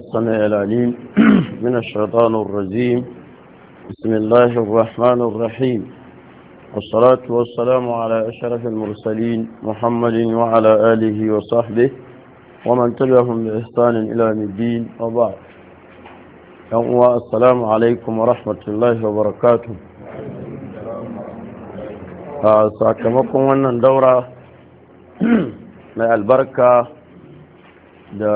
السميع العليم من الشيطان الرجيم بسم الله الرحمن الرحيم والصلاة والسلام على أشرف المرسلين محمد وعلى آله وصحبه ومن تبعهم بإحسان إلى الدين وبعد السلام عليكم ورحمة الله وبركاته sakamakon wannan daura mai albarka da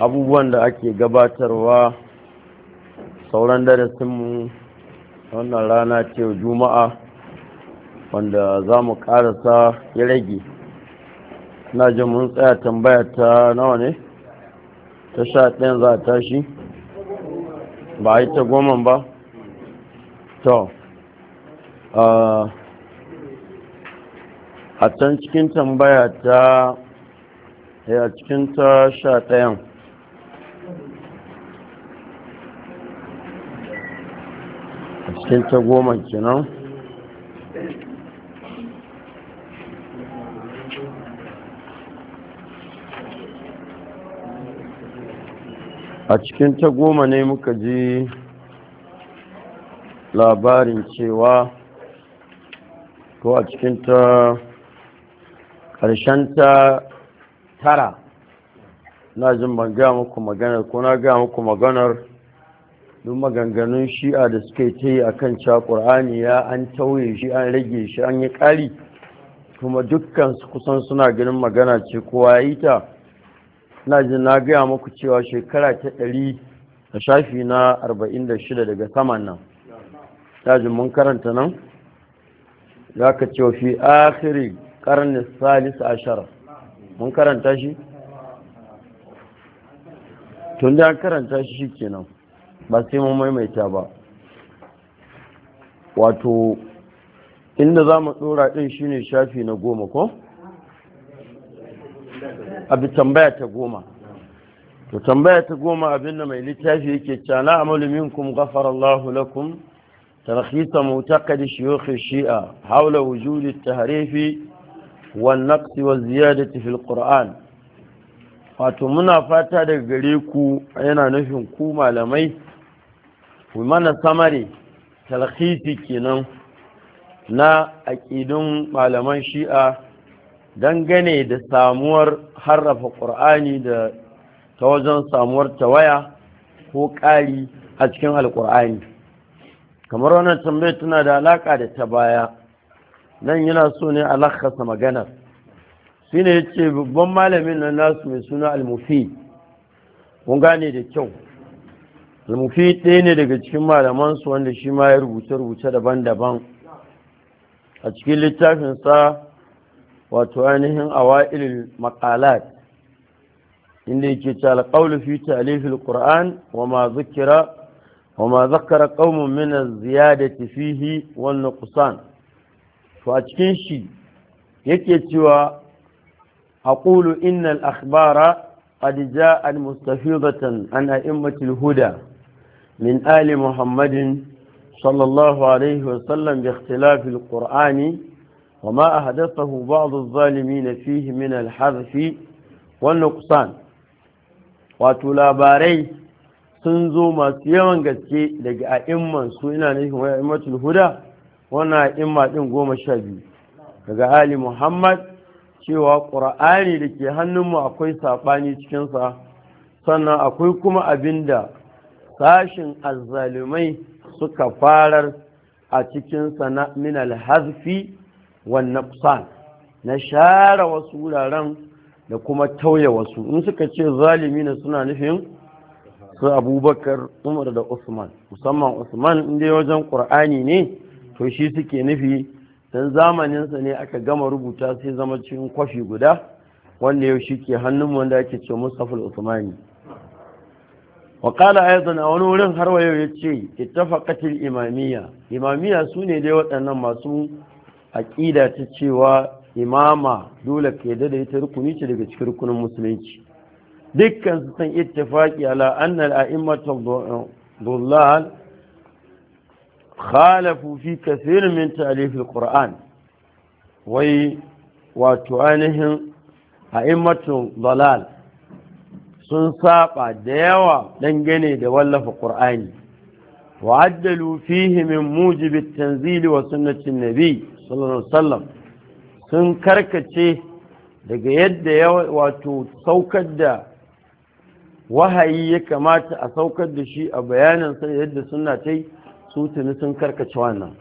abubuwan da ake gabatarwa sauran darasinmu wannan rana ce juma'a wanda za mu karasa ya rage na ji mun tsaya tambaya ta nawa ne ta sha ɗayan za a tashi ba a yi ta goma ba to a can cikin tambaya ta eh, a cikin ta sha ɗayan cikin ta goma kenan a cikin ta goma ne muka ji labarin cewa ko a cikin ta ƙarshen ta tara na jin ban gaya muku maganar ko na gaya muku maganar duk maganganun shi'a da suka ta yi kan cewa ƙur'ani ya an tauye shi an rage shi an yi ƙari kuma dukkan su kusan suna ganin magana ce kowa ya yi ta na ji na gaya muku cewa shekara ta ɗari a shafi na arba'in da shida daga saman nan ta ji mun karanta nan za ka ce fi akhiri karni salis ashara mun karanta shi tun da karanta shi kenan ba sai mun maimaita ba wato inda za mu ɗora din shine shafi na goma ko? abi tambaya ta goma to tambaya ta goma abinda mai littafi yake cana amalu minkum ghafara Allahu lakum ترخيص معتقد شيوخ wujudi tahrifi wan التحريف wa ziyadati fil qur'an wato muna fata daga gare ku yana nufin ku malamai mana samari talhiti kenan na aƙidun malaman shi'a dangane da samuwar harrafa ƙur'ani da ta wajen samuwar tawaya ko ƙari a cikin alƙur'ani kamar wannan tambayar tana da alaƙa da ta baya nan yana so ne lakasa maganar shi ne ya ce babban malamin na nasu mai suna almufi kun gane da kyau al ɗaya ne daga cikin malamansu wanda shi ma ya rubuce-rubuce daban-daban a cikin littafinsa wato ainihin awa'il maƙalat inda yake ta alƙawul fi talifil qur'an wa ma zukira wa ma zakara qaumun mina ziya da tafihi kusan to a cikin shi yake cewa a ƙulu innal akhbara قد جاءت مستفيضة عن أئمة الهدى من آل محمد صلى الله عليه وسلم باختلاف القرآن وما أحدثه بعض الظالمين فيه من الحذف والنقصان وتلاباري تنزو ما سيوان قتكي لقى إما سوئنا نحن وإمة الهدى وانا إما تنقوم الشابي لقى آل محمد cewa قرآني لكي ke hannunmu ساقاني saɓani cikinsa sannan akwai kuma abin da sashin azzalumai suka farar a cikinsa na minal hazfi wannan kusan na share wasu wuraren da kuma tauye wasu in suka ce zalimi na suna nufin su abubakar umar da usman musamman usman inda wajen ƙur'ani ne to shi suke nufi don zamaninsa ne aka gama rubuta sai zama cikin kwafi guda wanda yau shi ke hannun wanda ake ce mustapha usmani wa kala aizan wani wurin har yau ya ce ittafaqatil imamiyya imamiyya su ne dai waɗannan masu aƙida ta cewa imama dole ke da ita rukuni ce daga cikin rukunin musulunci dukkan su san ittifaqi ala anna al-a'immatu dhullal khalafu fi kathir min ta'lif al-qur'an wai wato ainihin aimmatu dalal sun saba da yawa dangane da wallafa ƙur'ani wa'addalu fihi min mujibi tanzili wa sunnatin nabi sallallahu alaihi wasallam sun karkace daga yadda ya wato saukar da wahayi ya kamata a saukar da shi a bayanin sa yadda sunna ta yi su tuni sun karkace wannan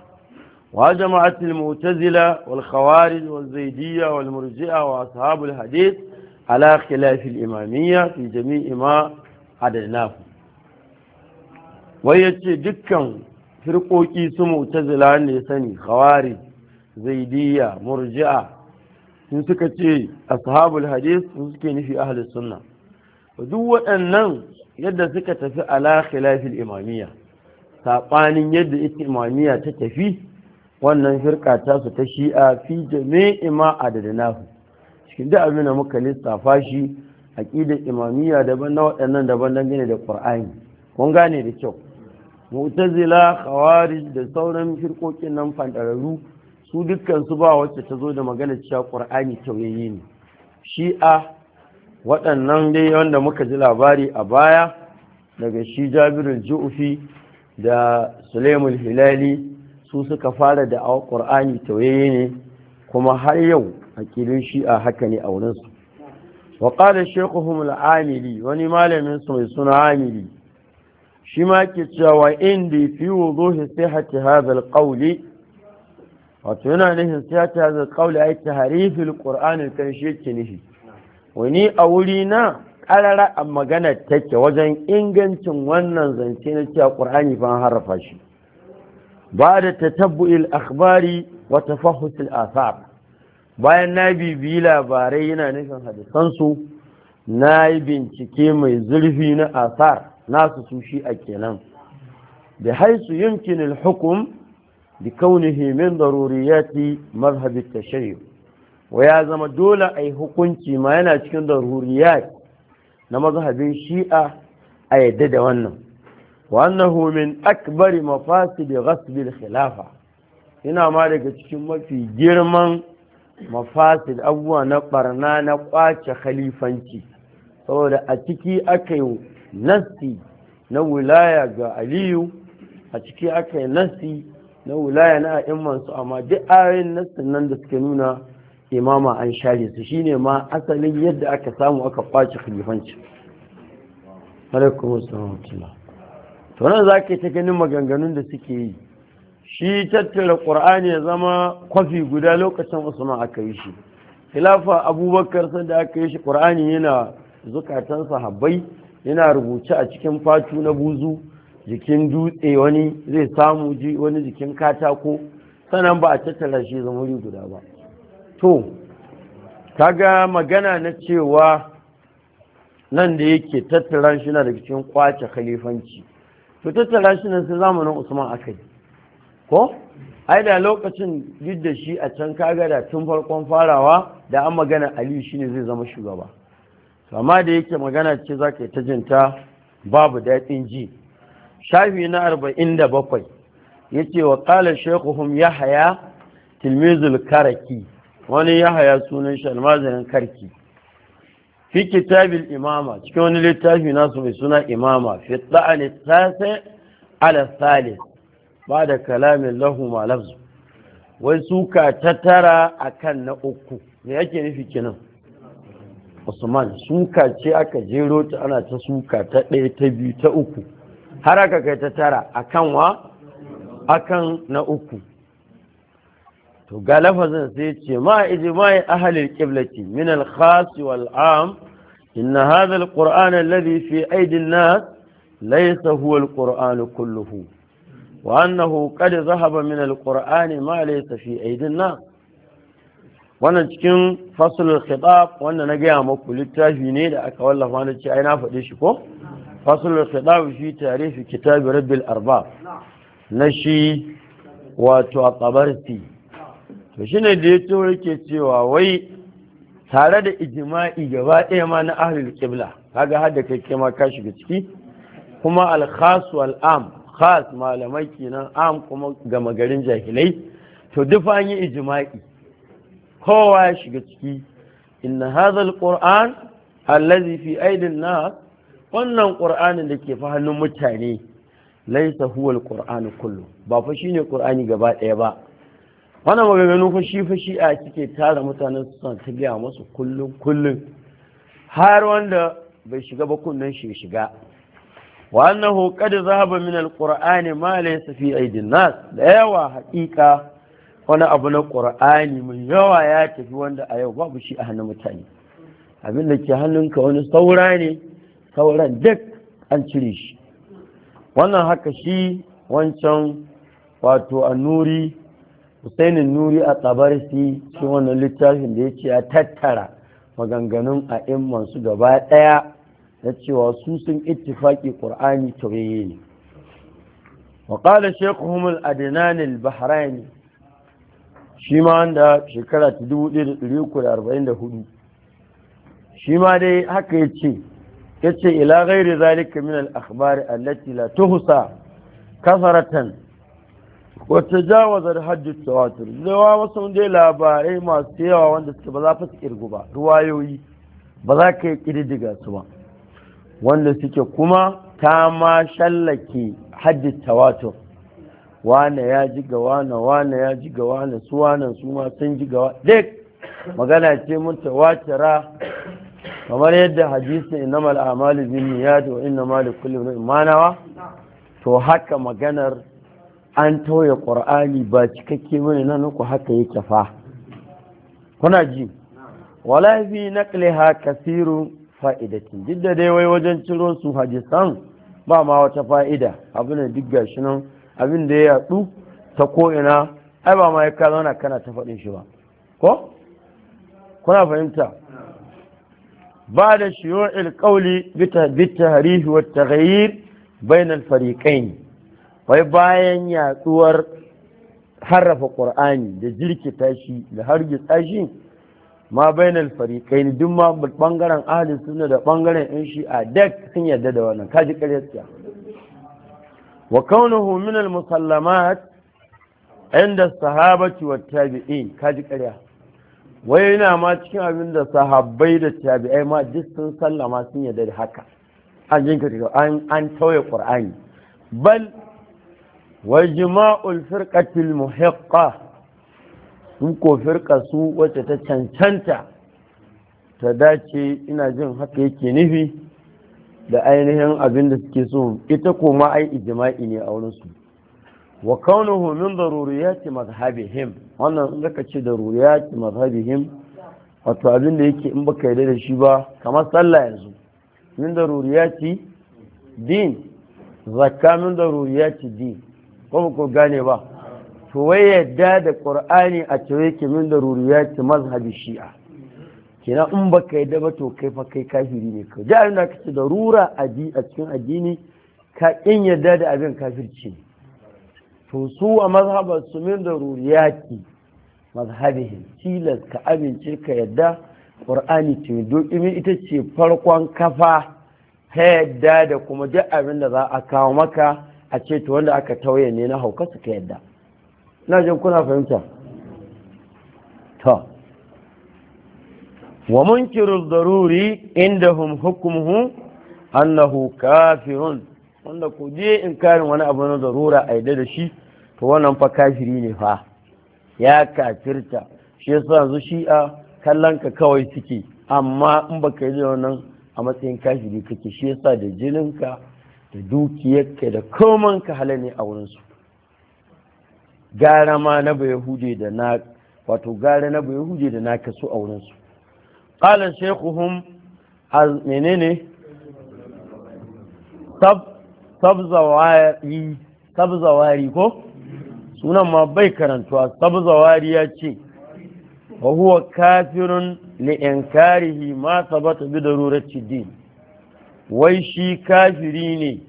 wa jama'atul mu'tazila wal khawarij wal zaidiyya wal murji'a wa ashabul hadith ala khilafil imamiyya fi jami'i ma adadnahu wai yace dukkan firkoki su mu'tazila ne sani khawari zaidiyya murji'a sun suka ce ashabul hadith sun suke nufi ahlus sunna duk waɗannan yadda suka tafi ala khilafil imamiyya saɓanin yadda ita imamiyya ta tafi wannan firka ta su ta shi'a fi jami'i ma adadnahu cikin da abin da muka lissafa shi ƙidar imamiyya daban na waɗannan daban don gina da ƙwar'ani kun gane da kyau mu'tazila khawarij da sauran firkokin nan fandararru su dukkan su ba wacce ta zo da magana cewa ƙur'ani tauyayye ne shi'a waɗannan dai wanda muka ji labari a baya daga shi jabirul ju'fi da sulaimul hilali su suka fara da awa ƙur'ani tauyayye ne kuma har yau aƙidun shi'a haka ne a wurinsu wa ƙada shekuhum al'amili wani malamin su mai suna amili shi ma ke cewa inda fi wuzuhi sai hati hazal ƙauli wato yana nufin sai hati hazal ƙauli a yi taharifin ƙur'anin kan shi yake nufi wani a wuri na ƙarara a maganar take wajen ingancin wannan zance na cewa ƙur'ani fa harrafa shi ba da tatabbu'il akhbari wa tafahusil asar bayan na bibiyi labarai yana nufin hadisansu na yi bincike mai zurfi na asar nasu su shi a kenan da haisu yumkin hukum da kaunihi min daruriyati mazhabi tashayyu wa ya zama dole a yi hukunci ma yana cikin daruriyat na mazhabin shi'a a yadda da wannan wannan min akbari mafasi da ghasbil khilafa ina ma daga cikin mafi girman mafasid abubuwa na barna na kwace khalifanci saboda a ciki aka yi nasi na wilaya ga aliyu a ciki aka yi nasi na wilaya na aimansu amma duk ayoyin nasin nan da suke nuna imama an share su shine ma asalin yadda aka samu aka kwace khalifanci alaikum assalam to nan zaka ta ganin maganganun da suke yi shi tattara ƙur'ani ya zama kwafi guda lokacin usman aka yi shi khilafa abubakar da aka yi shi Kur'ani yana zukatan sahabbai yana rubuce a cikin fatu na buzu jikin dutse wani zai samu ji wani jikin katako sannan ba a tattara shi zama wuri guda ba to ta ga magana na cewa nan da yake tattara shi na daga cikin kwace khalifanci to tattara shi nan sai zamanin usman aka yi ko ai da lokacin duk da shi a can kaga da tun farkon farawa da an magana aliyu shine zai zama shugaba amma da yake magana ce za ka yi ta jinta babu daɗin ji shafi na arba'in da bakwai ya ce wa ƙalar shekuhun yahaya tilmizul karaki wani yahaya sunan shi karki fi kitabil imama cikin wani littafi nasu mai suna imama fi tsa'ani tasai ala salis ba da kalamin lahuma lafzu wai suka ta tara a kan na uku me yake nufi kinan usman suka ce aka jero ta ana ta suka ta ɗaya ta biyu ta uku har aka kai ta tara a kan wa a kan na uku to ga lafazin sai ce ma ijma'i ahlil qiblati min al khas wal am إن هذا القرآن الذي في أيدي الناس ليس هو القرآن wa annahu qad zahaba min alqur'ani ma laysa fi aidin nas wannan cikin faslul khitab wanda na gaya maku littafi ne da aka wallafa na ce ai na faɗi shi ko faslul khitab fi tarihi kitab rabbil arbab na shi wato a tsabarti to shine da ya to yake cewa wai tare da ijima'i gaba ma na ahlul qibla kaga har da kai ma ka shiga ciki kuma al am khas malamai kenan am kuma gama garin jahilai to duk an yi ijma'i kowa ya shiga ciki inna hadha alquran allazi fi aidin nas wannan qur'anin da ke fahannun mutane laysa huwa alquran kullu ba fa shine qur'ani gaba daya ba wannan maganganu fa shi fa a kike tara mutane su san ta gaya musu kullun kullun har wanda bai shiga ba kunnan shi shiga wa annahu qad zahaba min alqur'ani ma laysa fi da yawa haƙiƙa wani abu na ƙur'ani mai yawa ya tafi wanda a yau babu shi a hannun mutane abin da ke hannunka wani saura ne sauran duk an cire shi wannan haka shi wancan wato a nuri husainin nuri a tabarisi shi wannan littafin da ya ce ya tattara maganganun aimmansu gaba ɗaya na cewa su sun ittifaki ƙur'ani tauyayye ne waƙala shekuhum al'adinan al-bahrain shi ma wanda shekara ta da shi ma dai haka ya ce ya ce ila gairi zalika min al-akhbari allati la tuhsa kasaratan wa tajawazar hajji tawatur zawa wasu dai labarai masu yawa wanda suke ba za su irgu ba ruwayoyi ba za ka yi su ba wanda suke kuma ta ma shallake haddi tawatur wane ya ji ga wane wane ya ji ga wane su wane su ma sun ji ga duk magana ce mun tawatara kamar yadda hadisi innamal a'malu bin niyyat wa innamal likulli imrin ma nawa to haka maganar an tauye qur'ani ba cikakke bane nan ku haka yake fa kuna ji wala fi naqliha kasirun fa'idatin duk da dai wai wajen ciro su hadisan ba ma wata fa'ida abin da duk gashi nan abin da ya yatsu ta ko'ina ai ba ma ya ka zauna kana ta faɗin shi ba ko kuna fahimta ba da shiyo ilƙauli bita harihi wa taghayyir bainal fariqain wai bayan yatsuwar harrafa ƙur'ani da jirkita shi da hargitsa shi ma bainal ne duk ma ɓangaren ahli suna da bangaren shi a dek sun yarda da wannan kaji ƙarya wa kaunuhu min al musallamat inda sahabati wa tabi'in kaji ƙarya wai yana ma cikin abin da sahabbai da tabi'ai ma duk sun sallama sun yarda da haka an jinka an an tauye qur'ani bal wa jima'ul firqatil muhiqqah su ko firka su wacce ta cancanta ta dace ina jin haka yake nufi da ainihin abin da suke so ita ko ma ai ijma'i ne a wurin su wa kaunuhu min daruriyati madhhabihim wannan in zaka ce daruriyati madhhabihim wato abin da yake in baka yarda da shi ba kamar sallah yanzu min daruriyati din zakka min daruriyati din ko ko gane ba to wai yadda da ƙur'ani a cire ki min da ruriya ki mazhabi shi'a Kina in ba ka yadda ba to kai fa kai kafiri ne ka da abin da kace da rura a cikin addini ka in yadda da abin kafirci ne to su a mazhabar su min da ruriya ki tilas ka amince ka yadda ƙur'ani ce domin ita ce farkon kafa ta yadda da kuma duk abin da za a kawo maka a ce to wanda aka tauye ne na hauka ka yadda na jin kuna fahimta ta wa munkiru daruri hun hukumhu annahu kafirun wanda ku je in karin wani abu na zarura a yadda da shi to wannan fa kafiri ne fa ya kafirta shi sa yanzu shi'a kallon ka kawai suke amma in baka yi wannan a matsayin kafiri kake shi sa da jininka da dukiyarka da komanka hala ne a wurinsu gara ma na bai huje da na wato gara na bai huje da na kasu a wurinsu qala shekuhun al menene ne, sabzawari Zawari ko sunan ma bai karantuwa sabzawari ya ce wa huwa kafirun li ma sabata bi darurati din wai shi kafiri ne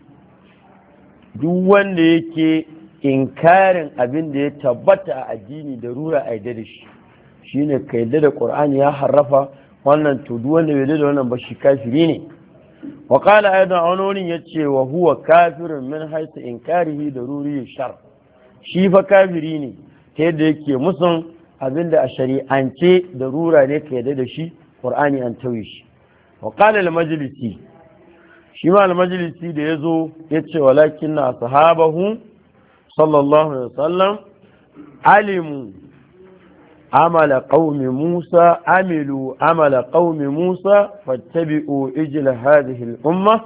duk wanda yake inkarin abin da ya tabbata a addini da rura a yadda da shi ne ka yadda da qur'ani ya harrafa wannan to wanda bai wannan ba shi kafiri ne wa qala aidan ya yace wa huwa kafirun min haythu inkarihi da ruri shar shi fa kafiri ne ta yadda yake musun abin da a shari'ance da rura ne ka yadda da shi qur'ani an tauye shi wa qala al majlisi shi ma al majlisi da yazo yace walakin na sahabahu sallallahu alaihi wasallam alimu amala qaumi musa amilu amala qaumi musa fattabi'u ijla hadhihi al-umma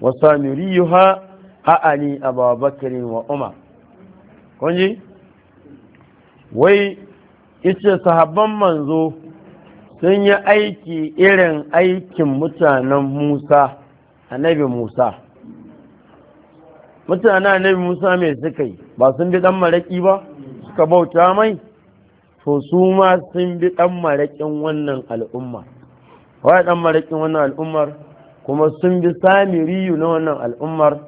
wa samiriyuha a'ani ababakar wa umar kunji wai ita sahabban manzo sun yi aiki irin aikin mutanen musa annabi musa mutane nabi musa mai suka yi ba sun bi ɗan maraƙi ba suka bauta mai to su ma sun bi ɗan maraƙin wannan al'umma wa ɗan maraƙin wannan al'ummar kuma sun bi samiriyu na wannan al'ummar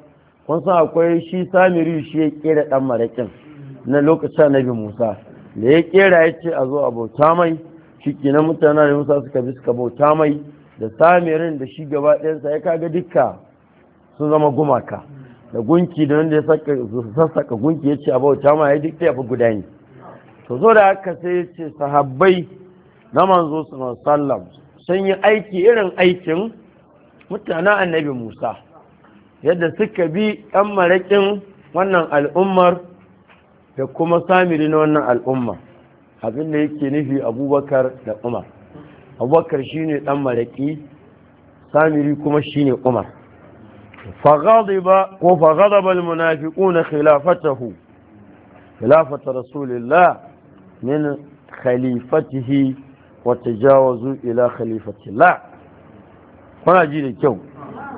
kun san akwai shi samiriyu shi ya kera ɗan maraƙin na lokacin nabi musa da ya kera ya ce a zo a bauta mai shi mutane da musa suka bi suka bauta mai da samirin da shi gaba ɗayansa ya kaga dukka sun zama gumaka da gunki da wanda ya sassaka gunki ya ce a bauta ma ya duk fi guda ne to zo da haka sai ya ce sahabbai na manzo sallam sun yi aiki irin aikin mutanen annabi musa yadda suka bi ɗan maraƙin wannan al'ummar da kuma samiri na wannan al'umma abin da yake nufi abubakar da umar abubakar shine ɗan maraƙi samiri kuma shine umar فغضب وفغضب المنافقون خلافته خلافة رسول الله من خليفته وتجاوزوا إلى خليفة الله هنا جيد الجو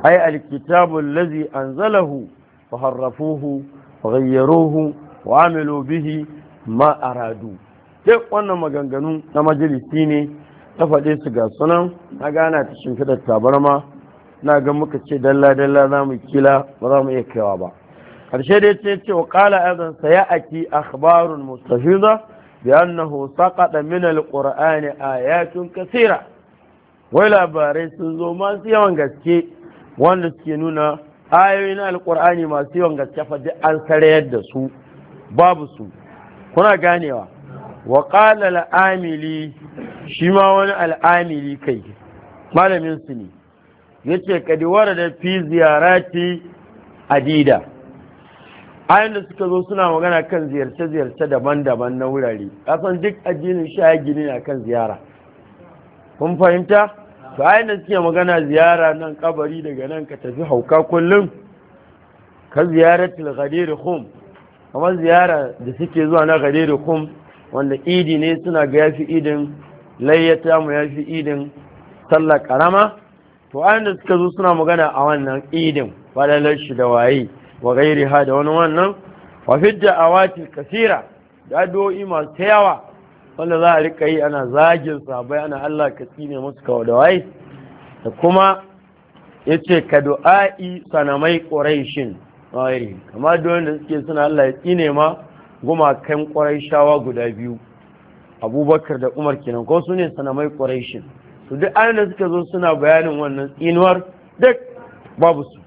أي الكتاب الذي أنزله فحرفوه وغيروه وعملوا به ما أرادوا duk wannan maganganu na majalisi ne ta faɗe su ga sunan na gana ta shimfiɗar tabarma na ga muka ce dalla dalla za mu kila ba za mu iya kaiwa ba karshe da ce ce wa qala aidan sayati akhbarun mustafiza bi annahu saqata min a ayatun kaseera wai labarai sun zo masu yawan gaske wanda suke nuna ayoyi na alqur'ani masu yawan gaske fa duk an sarayar da su babu su kuna ganewa wa qala al'amili shi ma wani al'amili kai malamin su ne yace kadiwara da fi ziyarati adida ayan da suka zo suna magana kan ziyarce-ziyarce daban-daban na wurare kasan duk addinin sha gini na kan ziyara kun fahimta to a da suke magana ziyara nan kabari daga nan ka tafi hauka kullum ka ziyaratul ghadir khum kamar ziyara da suke zuwa na ghadir hum wanda idi ne suna ga yafi idin layyata mu yafi idin sallah karama to da suka zo suna magana a wannan idin falalar shi da waye wa gairi ha da wani wannan wa fidda awati kasira da addu'o'i masu ta yawa wanda za a rika yi ana zagin sabai ana Allah ka tsine musu kawo da waye da kuma yace ka du'a'i sanamai quraishin waye kamar da suke suna Allah ya tsine ma gumakan quraishawa guda biyu abubakar da umar kenan ko su ne sanamai quraishin su duk ayoyin suka zo suna bayanin wannan inuwar duk babu su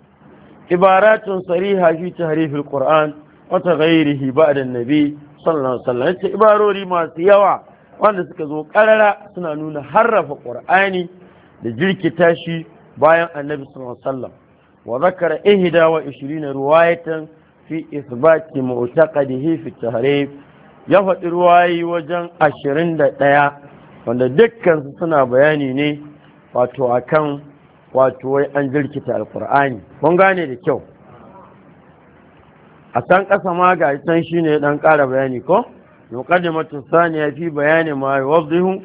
ibaratun sariha fi tahrifil qur'an wa taghayyirihi ba'da an-nabi sallallahu alaihi wasallam ce ibarori masu yawa wanda suka zo karara suna nuna harrafa qur'ani da jirkita shi bayan annabi sallallahu alaihi wasallam wa zakara ihda wa 20 riwayatan fi isbati mu'taqadihi fi tahrif ya faɗi ruwayi wajen ashirin da ɗaya wanda dukkan suna bayani ne wato a kan wato wai an jirkita alkur'ani mun gane da kyau a san ƙasa ma ga shi shine dan ƙara bayani ko matasa ne ya fi bayani ma ya wazihu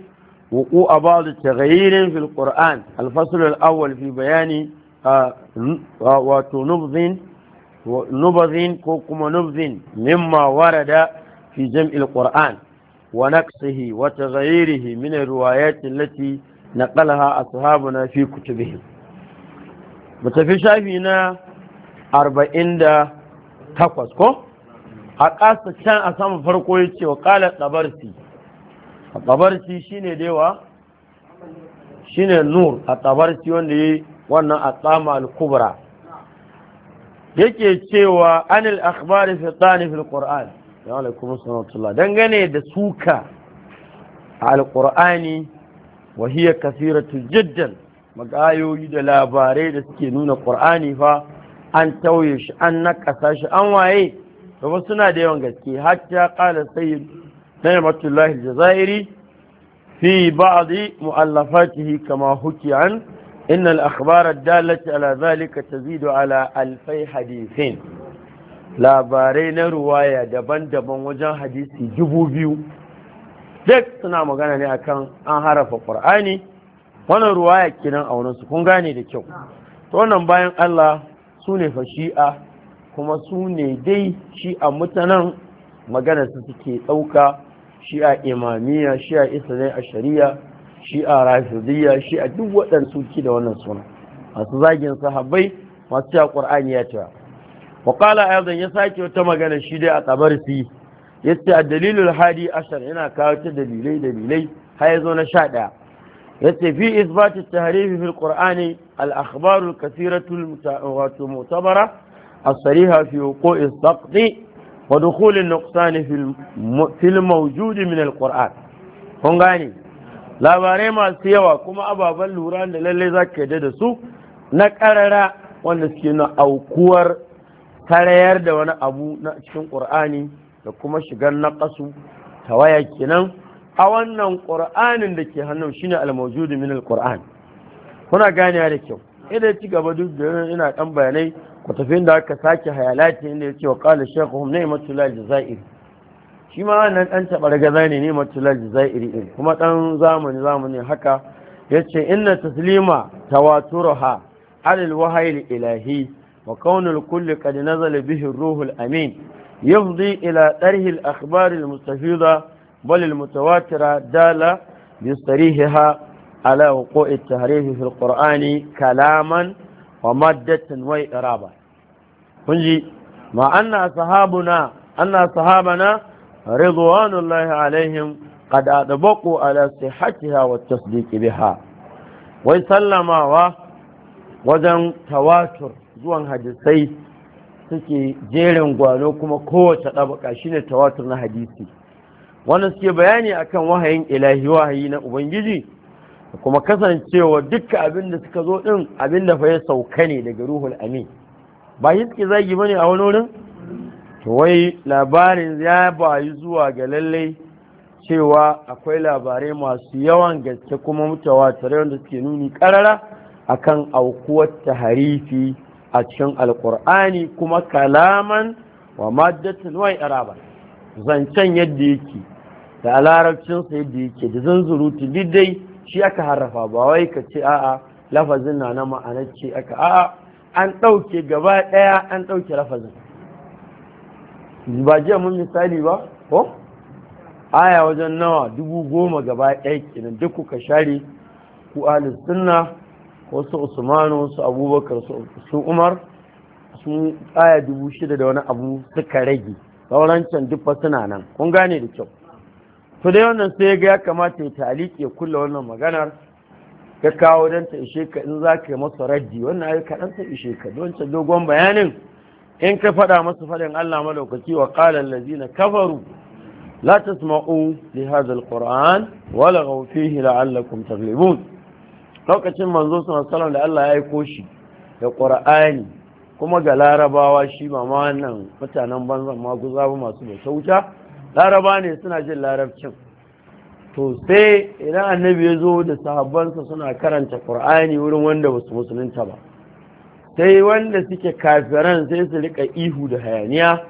wuku a ba'adu tagayirin fil qur'an alfasul al'awwal fi bayani wato nubazin ko kuma nubzin mimma warada fi jam'il kur'an ونقصه وتغييره من الروايات التي نقلها أصحابنا في كتبهم متفي شافينا أربعين دا تقوز كو أقاس كان أسام فرقويتي وقال الطبرسي الطبرسي شيني ديوا شيني نور الطبرسي وندي وانا الطامة الكبرى yake cewa anil akhbari fi tsani fil qur'an wa alaikum dangane da suka Alƙur'ani, wa hiya kasiratu jiddan magayoyi da labarai da suke nuna ƙur'ani, fa an tauye shi an nakasa shi an waye kuma suna da yawan gaske hatta qala sayyid Naimatullah al fi ba'd mu'allafatihi kama huki an إن dalata ala zalika ta تزيد ala ألفي hadithin labarai na ruwaya daban-daban wajen hadisi dubu biyu duk suna magana ne akan an harafa ƙwar'ani wannan ruwaya kenan a su kun gane da kyau to wannan bayan Allah su ne fa kuma su ne dai shi'a mutanen magana su suke ɗauka shi'a imamiya shi'a israi a shari'a shi'a rafidiyya shi'a duk waɗansu ki da wannan suna masu zagin sahabbai masu ya ƙwar'ani ya tara wa qala aidan ya sake wata magana shi dai a tabarsi yace a dalilul hadi ashar yana kawo ta dalilai dalilai har yazo na 11 yace fi isbat at-tahrif fi al-qur'ani al-akhbar al-kathiratu al-mu'tabara as-sariha fi wuqu' as-saqt wa dukhul an-nuqsan fi al-mawjud min al-qur'an kun gane labarai masu yawa kuma ababen lura da lallai za ka yadda da su na ƙarara wanda suke na aukuwar karayar da wani abu na cikin ƙur'ani da kuma shigar ta waya kenan a wannan ƙur'anin da ke hannun shine al-mawjudu min kuna ganewa da kyau idan ci gaba duk da ina ɗan bayanai ku tafi da aka sake hayalati inda ya ce wa qala shaykhum ni'matul jazairi shi ma wannan dan tabargaza ne ni'matul jazairi din kuma ɗan zamani zamani haka yace inna taslima tawaturuha alil wahayil ilahi wa kaunul kulli qad nazala bihi ruhul amin yafdi ila tarhi al akhbar al mustafiza bal al mutawatira dala bi sarihiha ala wuqu'i at tahrif fi al qur'ani kalaman wa maddatan wa iraba kunji ma anna sahabuna anna sahabana ridwanullahi alaihim قد أدبقوا على صحتها والتصديق بها وسلموا wajen tawatur. zuwan hadisai suke jerin gwano kuma kowace ɗabaka ne tawatur na hadisi wannan suke bayani akan wahayin ilahi wahayi na ubangiji kuma kasancewa dukkan abin da suka zo din abin da fa ya sauka ne daga ruhul amin ba shi suke zagi ne a wani wurin to wai labarin ya bayi zuwa ga lallai cewa akwai labarai masu yawan gaske kuma mutawa tare wanda suke nuni karara akan aukuwar taharifi a cikin alkur'ani kuma kalaman wa maddatin wa araba. zancen yadda yake da larabcinsa yadda yake da zanzurutu dai shi aka harrafa ba wai ka ce a'a lafazin na na ma'anar ce aka a'a an ɗauke gaba ɗaya an ɗauke lafazin ba jiya mun misali ba ko aya wajen nawa dubu goma gaba ɗaya kenan duk kuka share ku alisunna wasu usmanu wasu abubakar su umar sun tsaya dubu shida da wani abu suka rage saurancan duk suna nan kun gane da kyau to dai wannan sai ga ya kamata ya taliki ya kulla wannan maganar ka kawo don ta ishe ka in za ka yi masa raddi wannan ayi kaɗan ta ishe ka don ta dogon bayanin in ka faɗa masa faɗin Allah madaukaki wa ƙalan allazina kafaru la tasma'u li hadha alquran wa laghaw fihi la'allakum taghlibun lokacin manzo sallallahu da Allah ya aiko shi da Qur'ani kuma ga larabawa shi ba ma wannan mutanen banzan ma guza ba masu da sauta laraba ne suna jin larabcin to sai idan annabi ya zo da sahabbansa suna karanta Qur'ani wurin wanda ba su musulunta ba sai wanda suke kafiran sai su rika ihu da hayaniya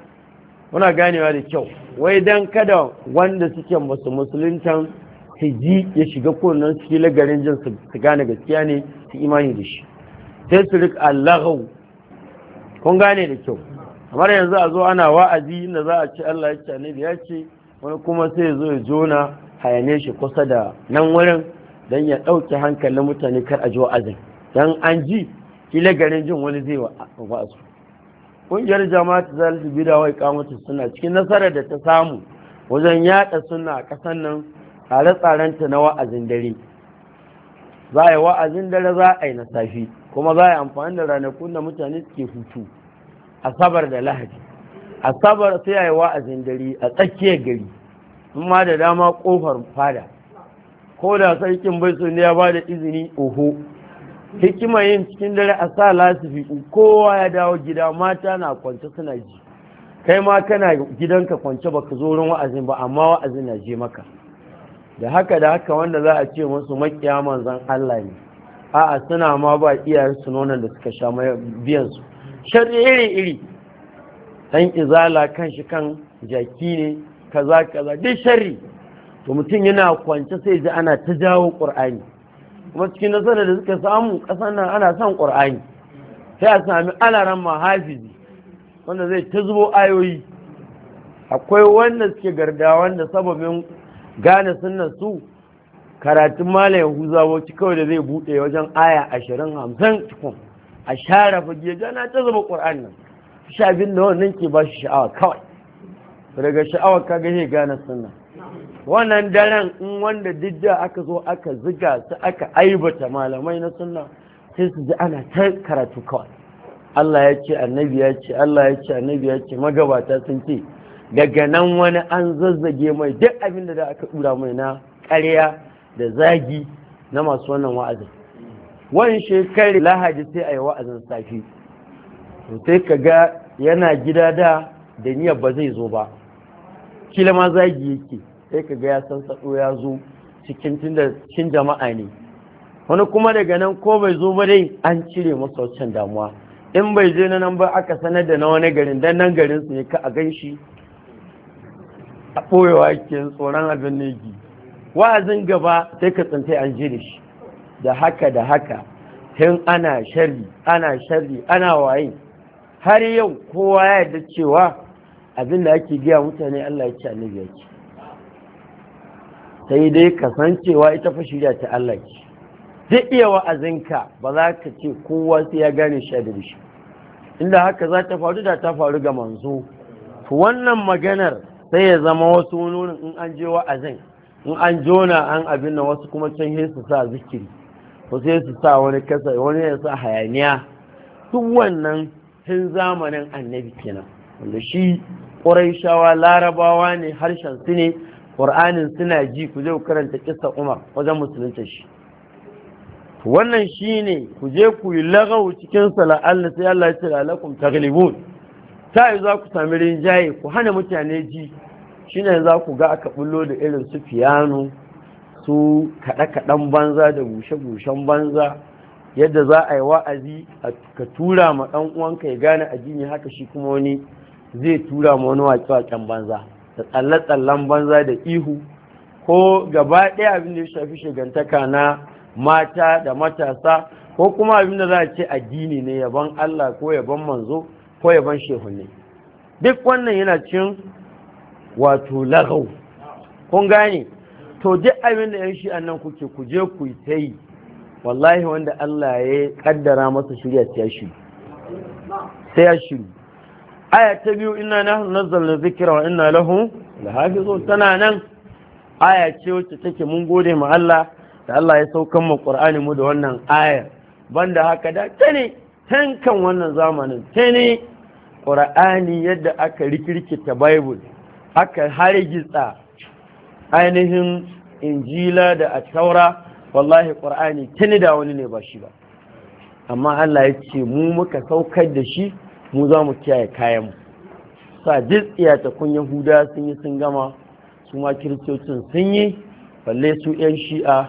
muna ganewa da kyau wai dan kada wanda suke basu musuluntan sai ji ya shiga kunan su garin jin su gane gaskiya ne su imani da shi sai su rik allahau kun gane da kyau kamar yanzu a zo ana wa'azi inda za a ce Allah ya ce annabi ya ce wani kuma sai zo ya jona hayane shi kusa da nan wurin don ya ɗauke hankalin mutane kar a ji wa'azin don an ji kila garin jin wani zai wa'azu ƙungiyar jama'a ta zalta bida wai kamata suna cikin nasarar da ta samu wajen yaɗa suna a ƙasar nan tsare tsaren ta na wa'azin dare za a yi wa'azin dare za a yi na safi kuma za a yi amfani da ranakun da mutane suke hutu asabar da lahadi asabar sai a yi wa'azin dare a tsakiyar gari in ma da dama kofar fada ko da sarkin bai sun ya ba da izini oho hikima yin cikin dare a sa lasifi kowa ya dawo gida mata na kwance suna ji kai ma kana gidanka kwance baka zo wurin wa'azin ba amma wa'azin na je maka da haka da haka wanda za a ce masu makiya manzan Allah ne a'a suna ma ba su nonon da suka sha biyan su shari iri iri dan izala kan shi kan jaki ne kaza kaza duk shari to mutum yana kwance sai ji ana ta jawo qur'ani kuma cikin nasarar da suka samu kasan nan ana son qur'ani sai a sami alaran mahafizi wanda zai ta zubo ayoyi akwai wanda suke garda wanda sababin gane sunan su karatun malam yahuza wacce kawai da zai buɗe wajen aya ashirin hamsin cikin a share fage jana ta zama ƙwar'an nan shafin da wannan ke ba shi sha'awa kawai daga sha'awa kaga gane gane sunan wannan daren in wanda didda aka zo aka ziga su aka aibata malamai na sunna sai su ji ana ta karatu kawai Allah ya ce annabi ya ce Allah ya ce annabi ya ce magabata sun ce daga nan wani an zazzage mai duk abin da za aka dura mai na ƙarya da zagi na masu wannan wa'azin wani shekari lahaji sai a yi wa'azin safi sai ka ga yana gida da da niyyar ba zai zo ba kila ma zagi yake sai ka ga ya san saɗo ya zo cikin tunda cikin jama'a ne wani kuma daga nan ko bai zo ba dai an cire masa waccan damuwa in bai je na nan ba aka sanar da na wani garin dan nan garin su ne ka a gan shi a ɓoyewa ke tsoron abin negi wa'azin gaba sai ka tsinta an ji da shi da haka da haka tun ana shari, ana sharri ana waye har yau kowa ya yarda cewa abin da ake gaya mutane Allah ya ci annabi ya ce sai dai kasancewa ita fa shirya ta Allah ce Zai iya wa'azinka ba za ka ce kowa sai ya gane shi da shi inda haka za ta faru da ta faru ga manzo to wannan maganar sai ya zama wasu wurin in an je wa'azin in an jona an abin nan wasu kuma can yi su sa zikiri ko sai su sa wani kasa wani ya sa hayaniya duk wannan tun zamanin annabi kenan wanda shi shawa larabawa ne harshen su ne ƙur'anin suna ji ku je ku karanta kisa umar wajen musulunta shi wannan shi ne ku je ku yi lagawu cikin sala'alla sai Allah ya ce lalakum taglibun ta yi za ku sami rinjaye ku hana mutane ji shi ne za ku ga aka bullo da irin su fiyano su kaɗa-kaɗan banza da bushe-bushen banza yadda za a yi wa'azi ka tura ma ɗan uwanka ya gane a jini haka shi kuma wani zai tura ma wani waƙe-waƙen banza da tsalle-tsallen banza da ihu ko gaba ɗaya abin da ya shafi shigantaka na mata da matasa ko kuma abin da za a ce addini ne yaban Allah ko yaban manzo ko yaban ne duk wannan yana cin wato lagau kun gane to duk abin da 'yan shi'an nan kuke ku je ku ta yi wallahi wanda Allah ya kaddara masa shirya ta ya shiru ya shiru aya ta biyu ina na nazzalna zikira wa ina lahu lahafizun tana nan aya ce wacce take mun gode ma Allah da Allah ya saukan mu Qur'ani mu da wannan aya banda haka da ta ne tankan wannan zamanin ta ne ƙura'ani yadda aka rikirkita bible aka gitsa. ainihin injila da taura wallahi ƙura'ani tuni da wani ne ba shi ba amma allah ya ce mu muka saukar da shi mu za mu kiyaye kayanmu sa jitsiya ta kun yahuda sun yi sun gama su ma kiristocin sun yi balle su 'yan shi'a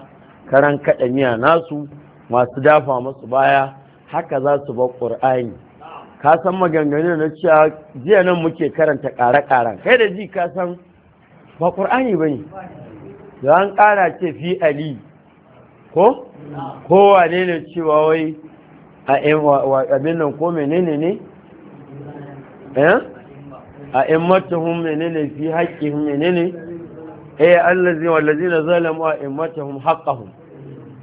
karan kaɗa miya nasu masu dafa masu baya haka za su ba ƙur'ani ka san maganganu na cewa jiya nan muke karanta ƙara ƙaren kai da ji ka san ba ƙur'ani ba ne da an ƙara ce fi ali ko kowa ne ne cewa wai a abin nan ko menene ne eh? a in matahun menene fi haƙƙihun menene eh allazi wallazi na zalamu a in matahun haƙƙahun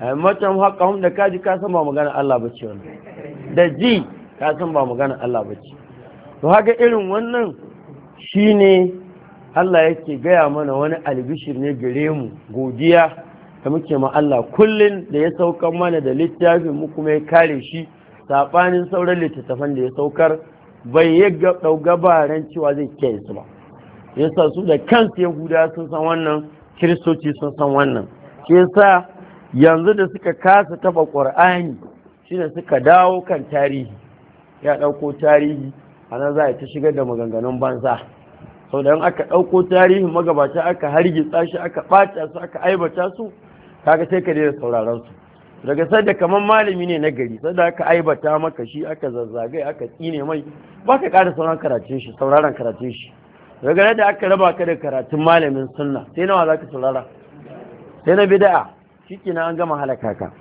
a in matahun haƙƙahun da kaji ka san ba magana Allah ba ce wani da ji ka san ba magana Allah ba ce to haka irin wannan shi ne Allah yake gaya mana wani albishir ne gare mu godiya da muke ma Allah kullun da ya saukar mana da littafin mu kuma ya kare shi saɓanin sauran littattafan da ya saukar bai yi gabaran cewa zai kiyaye su ba Ya yasa su da kansu yahuda sun san wannan kiristoci sun san wannan shi sa yanzu da suka kasa taɓa ƙur'ani ne suka dawo kan tarihi ya ɗauko tarihi a nan za a ta shigar da maganganun banza sau da aka ɗauko tarihin magabata aka hargitsa shi aka ɓata su aka aibata su kaga sai ka daina sauraron su daga sadda kamar malami ne na gari sadda aka aibata maka shi aka zazzagai aka tsine mai ba ka ƙara sauran karatun shi sauraron karatun shi daga da aka raba ka da karatun malamin sunna sai nawa za ka saurara sai na bida'a shi an gama halaka ka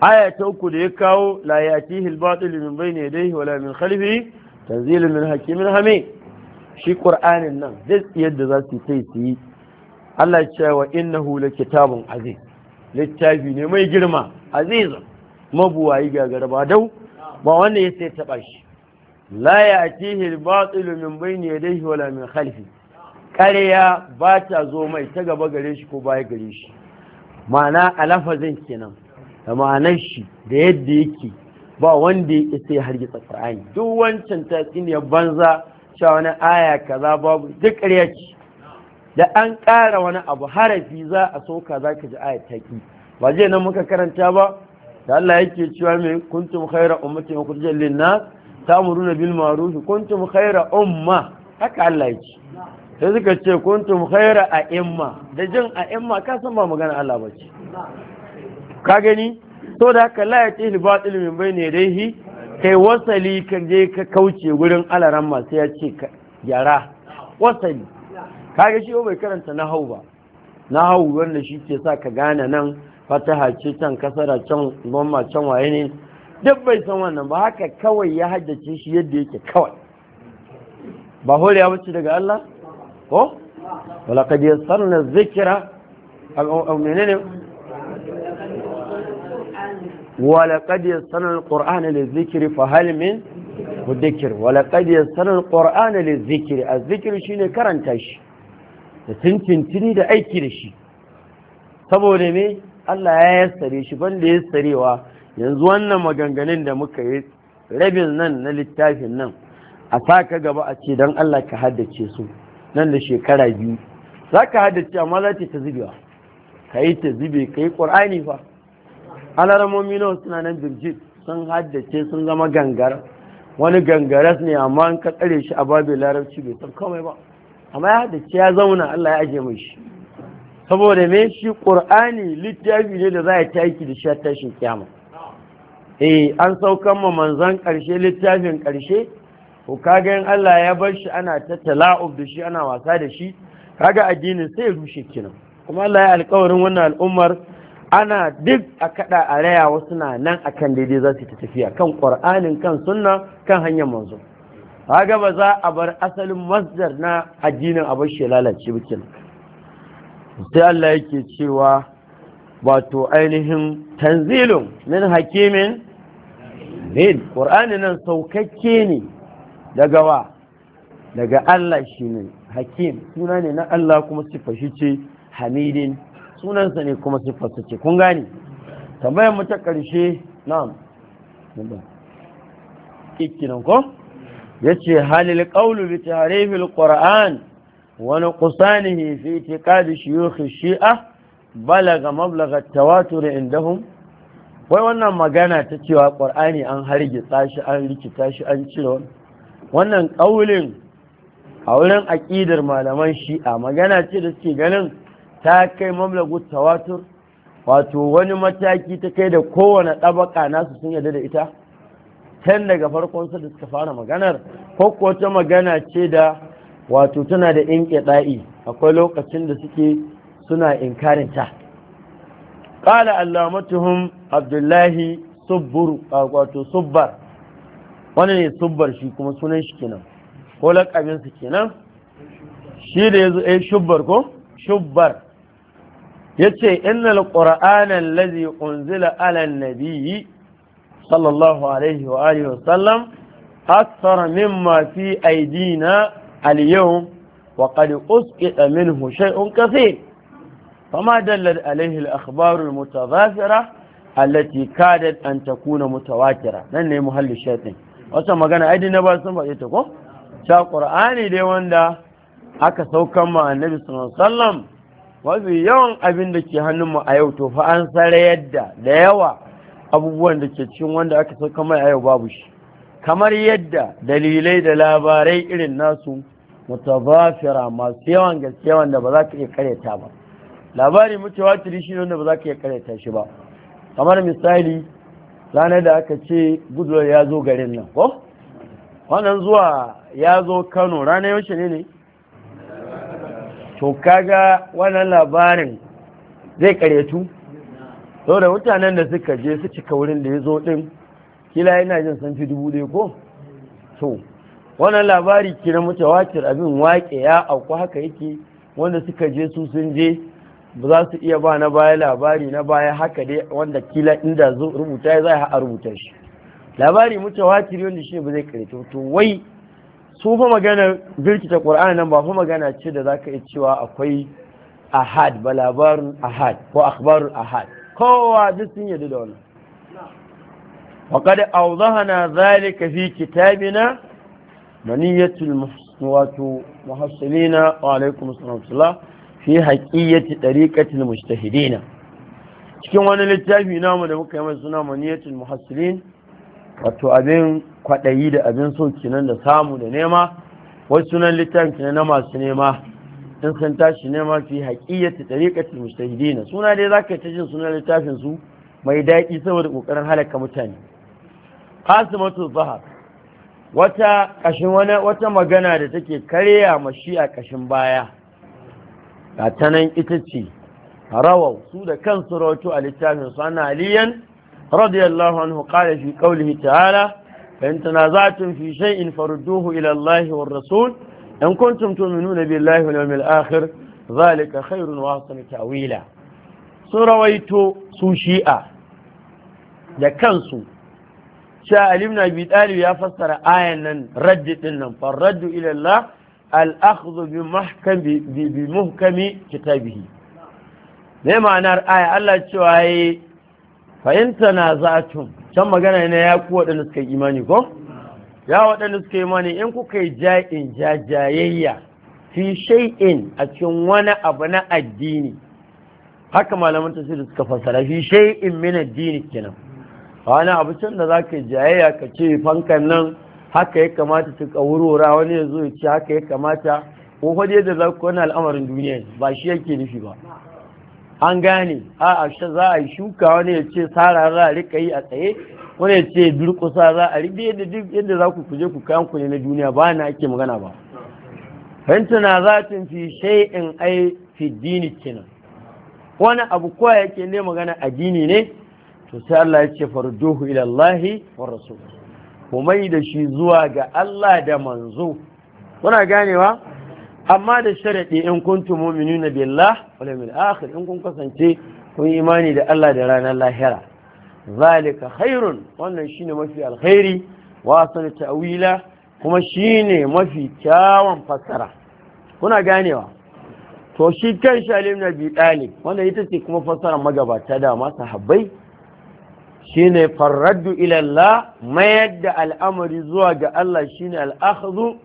aya ta uku da ya kawo la yatihi al-batil min bayni yadayhi wala min khalfihi tanzilun min min hamid shi qur'anin nan duk yadda za su sai su yi Allah ya ce wa innahu lakitabun aziz littafi ne mai girma aziz mabuwayi gagarba dau ba wanda ya sai taba shi la yatihi al-batil min bayni yadayhi wala min khalfihi ƙarya ba ta zo mai ta gaba gare shi ko baya gare shi ma'ana a lafazin kenan da ma'anar shi da yadda yake ba wanda ya isa sai hargi Qur'ani duk wancan tatsiniyar banza sha wani aya kaza babu duk ƙarya ce da an ƙara wani abu harafi za a soka za ka ji aya ƙi. ba je nan muka karanta ba da Allah yake cewa mai kuntum khaira ummatin wa lin-nas ta'muruna bil ma'ruf kuntum khaira umma haka Allah yake sai suka ce kuntum khaira a'imma da jin a'imma ka san ba magana Allah ba ce ka gani to da haka la ya tihil batil min bayni yadayhi kai wasali kan je ka kauce gurin alaran masu ya ce ka gyara wasali ka ga shi bai karanta na hau ba hau wanda shi ke sa ka gane nan fataha ce can kasara can gomma can waye ne duk bai san wannan ba haka kawai ya haddace shi yadda yake kawai ba hore ya wuce daga Allah ko wala kad yassarna al-mu'minina ولقد يسرنا القرآن للذكر فهل من مدكر ولقد zikiri. القرآن للذكر الذكر ne karanta shi. da tuntuntuni da aiki da shi saboda me Allah ya yassare shi banda yassarewa yanzu wannan maganganun da muka yi rabin nan na littafin nan a ka gaba a ce don Allah ka haddace su nan da shekara biyu za ka haddace amma za ta zubewa ka yi ta zube ka yi ƙur'ani fa alaramomi nawa suna nan birjit sun haddace sun zama gangara wani gangaras ne amma an ka tsare shi a babu larabci bai san komai ba amma ya haddace ya zauna Allah ya aje mai shi saboda me shi qur'ani littafi ne da za a taki da shi tashin kiyama eh an saukan ma manzon karshe littafin karshe ko kaga in Allah ya bar shi ana ta tala'ub da shi ana wasa da shi kaga addinin sai rushe kinan kuma Allah ya alƙawarin wannan al'ummar ana duk a kada a raya wasu na nan akan daidai za su tafiya kan ƙwar'anin kan sunna kan hanyar manzo haga ba za a bar asalin masdar na addinin abin shi lalace bikin sai Allah yake cewa wato ainihin tanzilun min hakimin min ƙwar'ani nan saukakke ne daga wa daga Allah shi ne hakim suna ne na Allah kuma sifa shi ce hamidin sunansa ne kuma siffarsa ce kun gane tambayar mu ta ƙarshe na. ikkinan ko yace halil qawlu bi ta'rif al-qur'an wa nuqsanihi fi i'tiqad shi shia balaga mablaga tawaturi inda hun wai wannan magana ta cewa qur'ani an harge tashi an rikita shi an cire wannan ƙaulin a wurin aƙidar malaman shi'a magana ce da suke ganin ta kai mamlaku tawatur wato wani mataki ta kai da kowane ɗabaka nasu sun yarda da ita can daga farkon su da suka fara maganar ko wata magana ce da wato tana da in ɗa'i akwai lokacin da suke suna ta ƙala allamatuhum abdullahi subbur wato subbar wani ne subbar shi kuma sunan shi kenan ko laƙabinsa kenan shi da ya zo ya eh, shubbar ko shubbar yace innal qur'ana allazi unzila ala nabiyyi sallallahu alaihi wa alihi wa sallam akthara mimma fi aydina al-yawm wa qad usqita minhu shay'un kathir فما دلت عليه الأخبار المتضافرة التي كادت أن تكون Nan ne muhalli الشيطان wasan magana ai na ba sun faɗe ta ko ta qur'ani dai wanda aka saukan ma annabi sallallahu alaihi wasallam mafi yawan abin da ke hannunmu a yau to fa an sare yadda da yawa abubuwan da ke cikin wanda aka saka mai a yau babu shi kamar yadda dalilai da labarai irin nasu mutabafira masu yawan gaske wanda ba za ka iya karyata ba labari "Wata shi wanda ba za ka iya karyata shi ba kamar misali ranar da aka ce gudulor ya zo garin nan ko wannan zuwa ya zo kano ranar yaushe ne ne to kaga wannan labarin zai karetu da mutanen da suka je su cika wurin da ya zo din kila yana jin san fi dubu ɗaya ko to wannan labari kira wakir abin wake ya auku haka yake wanda suka je su sun je ba za su iya ba na baya labari na baya haka dai wanda kila inda rubuta ya za rubuta shi labari wakir wanda shi ba zai karetu to wai su fa maganar birkita ƙur'ani nan ba fa magana ce da zaka yi cewa akwai ahad ba ahad ko akhbarun ahad kowa duk sun yadda da wannan وقد أوضحنا zalika fi kitabina منية المحصلين وعليكم wa ورحمة الله fi حقية طريقة cikin wani littafi namu da muka yi mai suna maniyatul muhassilin wato abin kwaɗayi da abin so kenan da samu da nema wasu nan littafin kinan na masu nema in sun tashi nema fi haƙiyyati tariƙati mustahidina suna dai za ka ta jin sunan littafin su mai daɗi saboda ƙoƙarin halaka mutane Kasimatu zahar wata magana da take karya mashi a ƙashin baya ga ta ita ce rawau su da kansu rawatu a littafin su ana aliyan رضي الله عنه قال في قوله تعالى فإن تنازعتم في شيء فردوه إلى الله والرسول إن كنتم تؤمنون بالله واليوم الآخر ذلك خير وأحسن تأويلا سرويت سوشيئا da kansu sha alimna abi talib ya fassara ayan nan raddi din nan faraddu ila Allah al akhdhu bi mahkam bi muhkami kitabihi ne ma'anar aya Allah cewa fahimta na zatun can magana ne ya ku waɗanda suka imani ko ya waɗanda suka yi imani in kuka yi ja'in jajayayya fi shay'in a cikin wani abu na addini haka malaman da suka fasara fi shay'in min addini kenan wani abu can da ka yi jayayya ka ce fankan nan haka ya kamata ta kawurora wani ya zo ya ce haka ya kamata ko fa da za ku wani al'amarin duniya ba shi yake nufi ba an gane a za a yi shuka wani ya ce tsara za a rika yi a tsaye wani ya ce durkusa za a rike yadda duk yadda za ku kuje ku kayan kuni na duniya ba na ake magana ba fantana za ta fi in ai fi dini kenan wani abu kowa yake ne magana addini ne to sai Allah ya ce farduhu ila Allah wa rasul da shi zuwa ga Allah da manzo kuna ganewa amma da sharaɗi in kuntum na billah wal yawmil akhir in kun kasance kun imani da Allah da ranar lahira zalika khairun wannan shine mafi alkhairi wa asal ta'wila kuma shine mafi kyawun fassara kuna ganewa to shi kan shalim na bi ɗalib wannan ita ce kuma fasara magabata da masu habbai shine farraddu ilallah mayar da al'amari zuwa ga Allah shine al'akhzu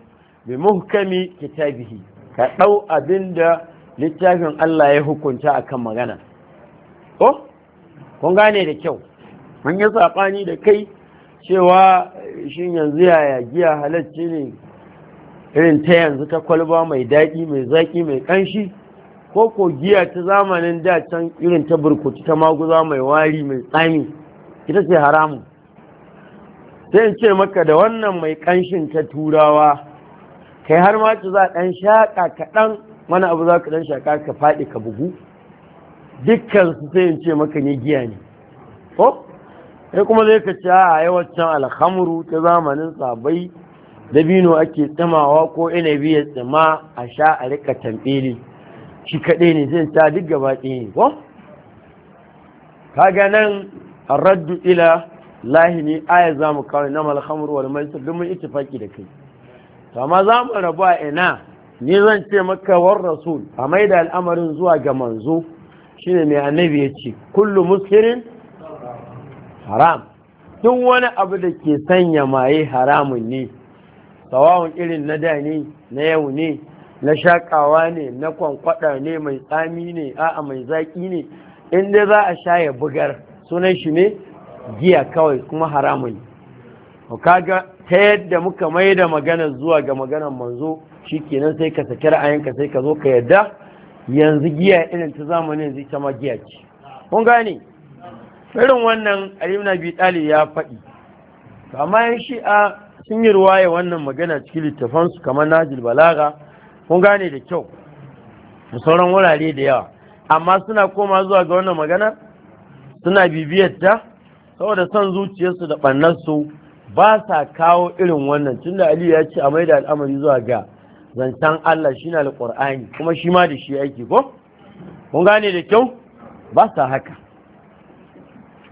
bi muhkami kitabihi ka ɗau abin da littafin Allah ya hukunta kan magana ko kun gane da kyau mun yi saɓani da kai cewa shin yanzu yaya giya halacci ne irin ta yanzu ta kwalba mai daɗi mai zaƙi mai ƙanshi ko ko giya ta zamanin da can irin ta burkutu ta maguza mai wari mai tsami ita ce haramun sai in ce maka da wannan mai ƙanshin ta turawa kai har ma ci za ɗan shaƙa kaɗan mana abu za ka ɗan shaƙa ka faɗi ka bugu dukkan su sai in ce maka ne giya ne ko sai kuma zai ka ci a yawancin alhamuru ta zamanin sabai dabino ake tsamawa ko inabi ya tsama a sha a rika tambeli shi kaɗai ne zai ta duk gaba ɗaya ko kaga nan raddu ila lahini aya za mu kawai na wani wal maisar duk mun ittifaki da kai amma za mu rabu a ina ni zan ce maka war rasul a maida al'amarin zuwa ga manzo shine mai annabi ya ce kullu muskirin haram duk wani abu da ke sanya maye haramun ne tsawon irin na da ne na yau ne na shakawa ne na kwankwada ne mai tsami ne a'a mai zaƙi ne Inda za a sha ya bugar sunan shi ne giya kawai kuma haramun ne kaga ta yadda muka mai da magana zuwa ga maganar manzo shi kenan sai ka saki ra'ayinka sai ka zo ka yadda yanzu giya irin ta zamanin zai ita ma giya ce kun gane irin wannan alimna bi ɗali ya faɗi amma yan A sun yi ya wannan magana cikin littafansu kamar najil balaga kun gane da kyau da sauran wurare da yawa amma suna koma zuwa ga wannan magana suna bibiyar ta saboda son zuciyarsu da ɓannarsu ba sa kawo irin wannan tun da Aliyu ya ce a maida al'amari zuwa ga zancen Allah shi na alƙur'ani kuma shi ma da shi aiki ko? kun gane da kyau ba sa haka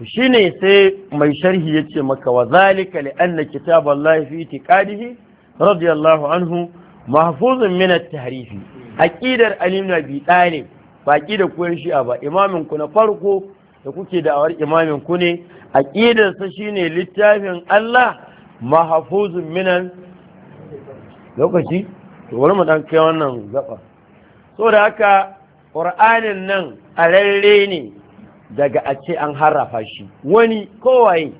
shi ne sai mai sharhi ya ce maka wa zalika li anna kitab Allah fi itiqadihi radiyallahu anhu mahfuzun min at-tahrifi aqidar Ali ibn Abi Talib ba aqidar koyon shi'a ba imamin ku na farko da kuke da'awar imamin ku ne shi ne littafin Allah mahafuzun minan lokaci to wani mu kai wannan gaba saboda haka ƙur'anin nan a alalle ne daga a ce an harrafa shi wani kowaye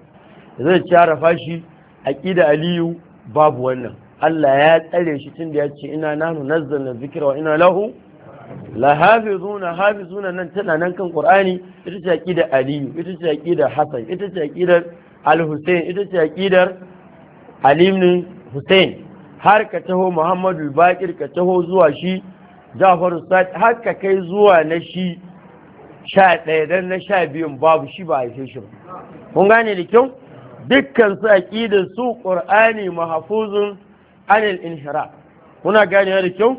zai ci harrafa shi Aƙida aliyu babu wannan Allah ya tsare shi tun da ya ce ina nanu nazzalna zikra wa ina lahu la hafizuna hafizuna nan tana nan kan qur'ani ita ce aqida aliyu ita ce aqida hasan ita ce aqidar al-husayn ita ce aqidar ali ibn husayn har ka taho muhammadu baqir ka taho zuwa shi jafaru sa'id har ka kai zuwa na shi sha ɗaya dan na sha biyu babu shi ba haife shi kun gane da kyau dukkan su aqidar su qur'ani mahfuzun anil inhiraf kuna ganewa da kyau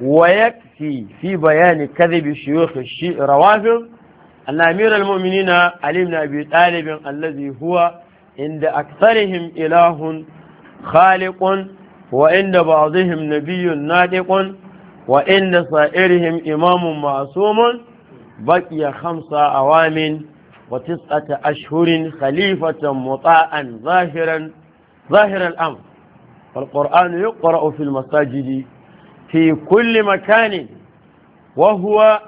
ويكفي في بيان كذب شيوخ الروافض أن أمير المؤمنين علي بن أبي طالب الذي هو عند أكثرهم إله خالق وعند بعضهم نبي ناطق وعند صائرهم إمام معصوم بقي خمس أوام وتسعة أشهر خليفة مطاعا ظاهرا ظاهر الأمر والقرآن يقرأ في المساجد fi kulli makani wa huwa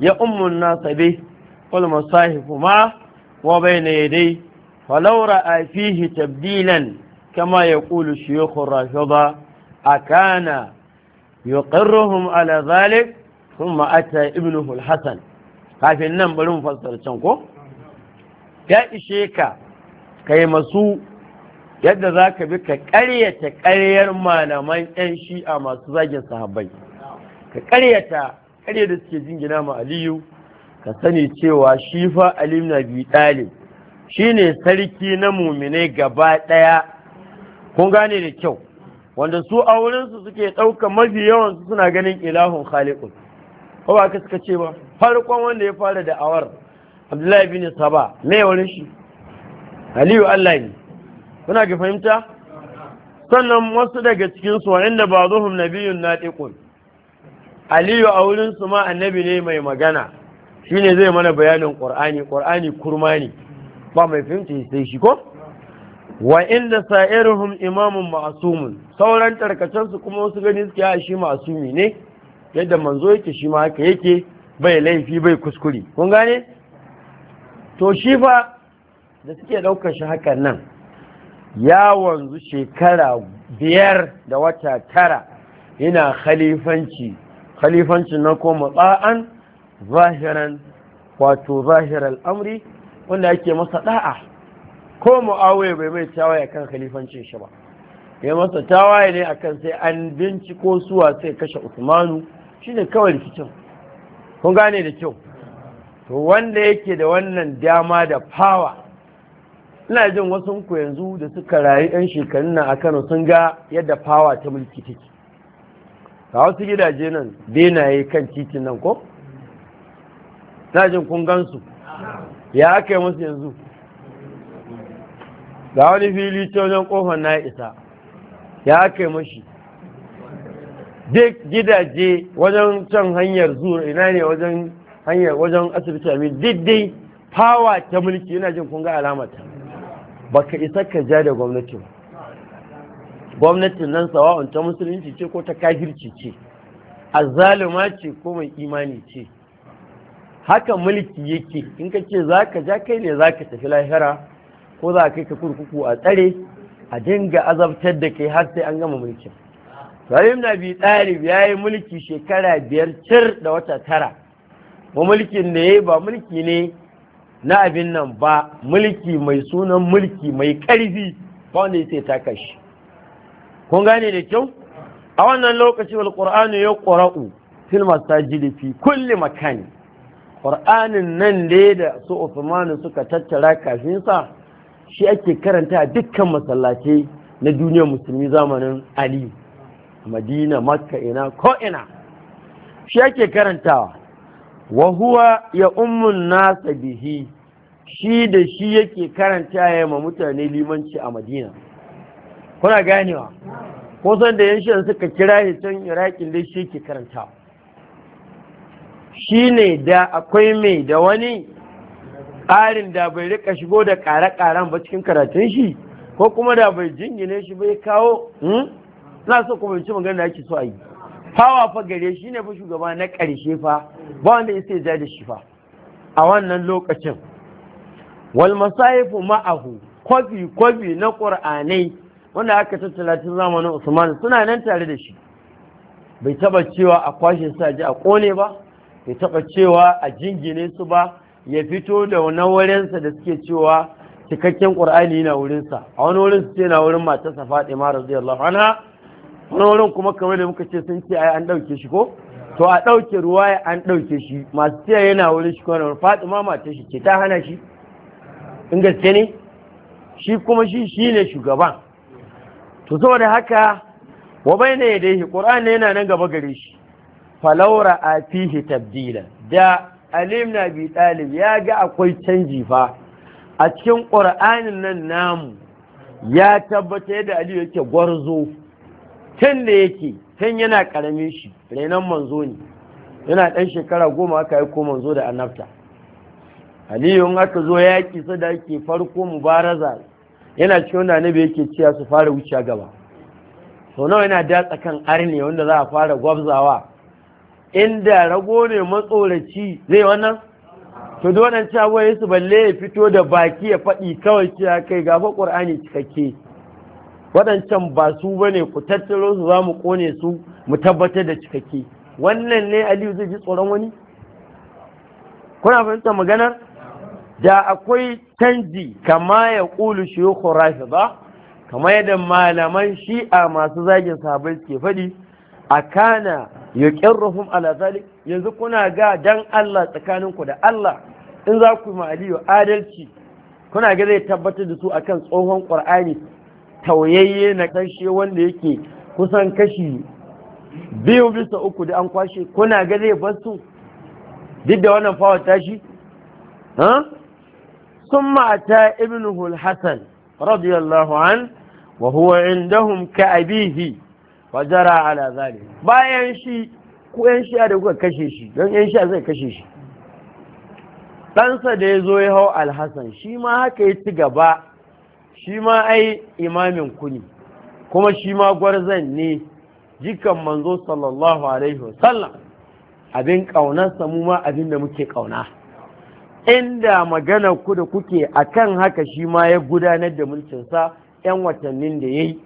ya ummun nasa wal masahifu ma wa bayna yadai falau ra'a fihi tabdilan kama yaqulu shuyukh rafida akana yuqirruhum ala dhalik thumma ata ibnuhu al-hasan kafin nan bari mu fassara can ko ya ishe ka kai masu yadda za ka bi ka karyata karyar malaman 'yan shi'a masu zagin sahabbai ka karyata karyar da suke jingina ma aliyu ka sani cewa shi fa alim na biyu ɗalib shi ne sarki na muminai gaba ɗaya kun gane da kyau wanda su a wurinsu suke ɗauka mafi yawansu suna ganin ilahun khaliqun ko ba ka suka ce ba farkon wanda ya fara da awar abdullahi bin saba mai wurin shi aliyu allah ne kuna ga fahimta sannan wasu daga cikinsu wa'inda ba zuhum nabiyun na ɗiƙun aliyu a su ma annabi ne mai magana shine zai mana bayanin ƙur'ani, ƙur'ani kurma ne ba mai fahimta sai shi ko wa'inda sa'iruhum imamun ma'asumun sauran su kuma wasu gani suke shi ma'asumi ne yadda manzo yake shi ma haka yake bai laifi bai kuskure kun gane to shi fa da suke ɗaukar shi hakan nan ya wanzu shekara biyar da wata tara yana khalifanci khalifancin na koma ba'an zahiran wato zahirar amri wanda ake masa da'a ko mu'awiyar bai mai tawaye kan khalifancin shi ba ya masa tawaye ne akan sai an binciko suwa sai kashe usmanu shine kawai rikicin kun gane da kyau to wanda yake da wannan dama da fawa ina jin wasu ku yanzu da suka rayu 'yan shekarun nan a kano sun ga yadda fawa ta mulki take a wasu gidaje nan benaye kan titin nan ko Ina jin kun gansu ya aka yi musu yanzu ga wani fili ta wajen kofar na isa ya aka yi mashi duk gidaje wajen can hanyar zuwa ina ne wajen hanyar wajen asibiti amin diddai fawa ta mulki Ina jin kun ga alamata Ba ka isa ka ja da gwamnatin gwamnatin nan sawa'un ta musulunci ce ko ta kafirci ce azzaluma ce ko mai imani ce haka mulki yake in ka ce za ka ja kai ne za ka tafi lahira ko za ka kai ka kurkuku a tsare a dinga azabtar da kai har sai an gama mulkin Salim na bi ɗalib ya yi mulki shekara biyar cir da wata tara wa mulkin da ya yi ba mulki ne na abin nan ba mulki mai sunan mulki mai karfi ba wanda ya taka shi kun gane da kyau a wannan lokaci wal qur'anu ya qura'u fil masajidi fi kulli makani qur'anin nan da da su Uthman suka tattara kafin sa shi ake karanta a dukkan masallatai na duniyar musulmi zamanin Ali Madina Makka ina ko ina shi ake karantawa wa huwa ya ummun nasa bihi shi da shi yake karanta ya ma mutane limanci a madina kuna ganewa ko san da yan suka kira shi can irakin da shi yake karanta shi ne da akwai mai da wani ƙarin da bai rika shigo da ƙare-ƙaren ba cikin karatun shi ko kuma da bai jingine shi bai kawo hmm? na so ku bai magana da ake so a yi fawa fa gare shi ne fa shugaba na ƙarshe fa ba wanda ya sai da shi fa a wannan lokacin wal masahifu ma'ahu kwafi kwafi na ƙur'anai wanda aka tattala tun zamanin usman suna nan tare da shi bai taba cewa a kwashe su a ji a kone ba bai taba cewa a jingine su ba ya fito da wani wurinsa da suke cewa cikakken ƙur'ani na wurinsa a wani wurin su ce na wurin matarsa fatima radiyallahu anha na wurin kuma kamar da muka ce sun ce ai an ɗauke shi ko to a ɗauke ruwa ya an ɗauke shi masu tsaye yana wurin shi kwanar ma mata shi ce ta hana shi in gaske ne shi kuma shi shi ne shugaban to saboda haka wa bai ne da yake ne yana nan gaba gare shi falaura a fihi tabdila da alim na bi ɗalib ya ga akwai canji fa a cikin ƙur'anin nan namu ya tabbatar yadda aliyu yake gwarzo can da yake can yana karamin shi renon manzo ne yana ɗan shekara goma aka yi ko manzo da annabta aliyu in aka zo yaƙi su da ake farko mubaraza yana cikin wanda annabi yake cewa su fara wuce gaba so nawa yana datsa kan arne wanda za a fara gwabzawa inda rago ne matsoraci zai wannan to dole cewa su balle ya fito da baki ya faɗi kawai cewa kai gaba ƙur'ani cikakke waɗancan ba su ba ne ku tattaro su za mu ƙone su mu tabbatar da cikakke wannan ne aliyu zai ji tsoron wani kuna fahimtar maganar da akwai canji kama ya ƙulu shiyukun rafi ba kama yadda malaman shi'a masu zagin sahabai suke faɗi a kana ya ƙirrufin alazali yanzu kuna ga dan Allah tsakaninku da Allah in za ku yi aliyu adalci kuna ga zai tabbatar da su akan tsohon ƙur'ani tauyayye na ƙarshe wanda yake kusan kashi biyu bisa uku da an kwashe kuna ga zai basu duk da wannan fawar tashi sun ma'ata ibn hassan radiyallahu an wa huwa indahum ka wa jara ala bayan shi ku yan shi da kuka kashe shi don yan shi zai kashe shi ɗansa da ya zo ya hau alhassan shi ma haka ya ci gaba shi ma ai imamin ku ne kuma shi ma gwarzan ne jikan manzo sallallahu alaihi wasallam abin ƙaunarsa mu ma abin da muke ƙauna inda magana ku da kuke a kan haka shi ma ya gudanar da mulkinsa 'yan watannin da ya yi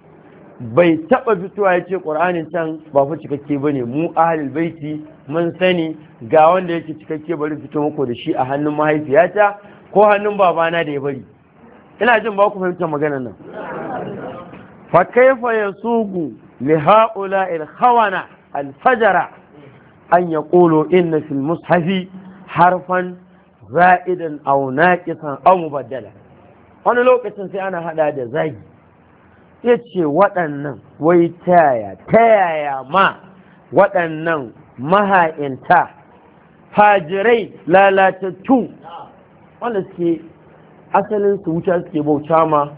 bai taɓa fitowa ya ce ƙur'anin can ba fa cikakke ba ne mu ahalil baiti mun sani ga wanda yake cikakke bari fito muku da shi a hannun mahaifiyata ko hannun babana da ya bari ina jin ba ku fahimtar maganar nan fa kaifa yasugu li haula al khawana Anya fajara an yaqulu inna fil mushafi harfan za'idan aw naqisan aw mubaddala wani lokacin sai ana hada da zagi ya ce waɗannan wai taya yaya ma waɗannan maha'inta fajirai lalatattu wanda suke asalin su wuta suke bauta ma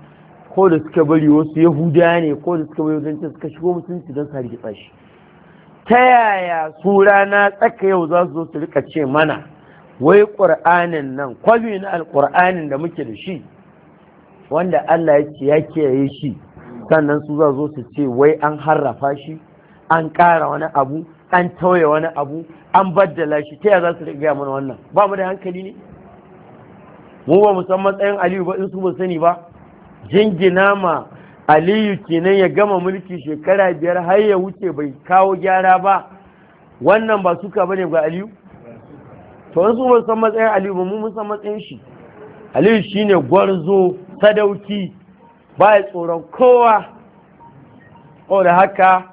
ko da suka bari wasu yahuda ne ko da suka bari wajen suka shigo musulunci don su hargitsa shi ta yaya su rana tsaka yau za su zo su rika ce mana wai ƙur'anin nan kwabi na alƙur'anin da muke da shi wanda Allah ya ce ya kiyaye shi sannan su za zo su ce wai an harrafa shi an ƙara wani abu an tauye wani abu an baddala shi ta yaya za su riga mana wannan ba mu da hankali ne mu ba musamman san matsayin aliyu ba in su ba sani ba jingina ma aliyu kenan ya gama mulki shekara biyar har ya wuce bai kawo gyara ba wannan ba suka bane ga aliyu to in su ba san matsayin aliyu ba mu mun san matsayin shi aliyu shine gwarzo sadauki ba ya tsoron kowa da haka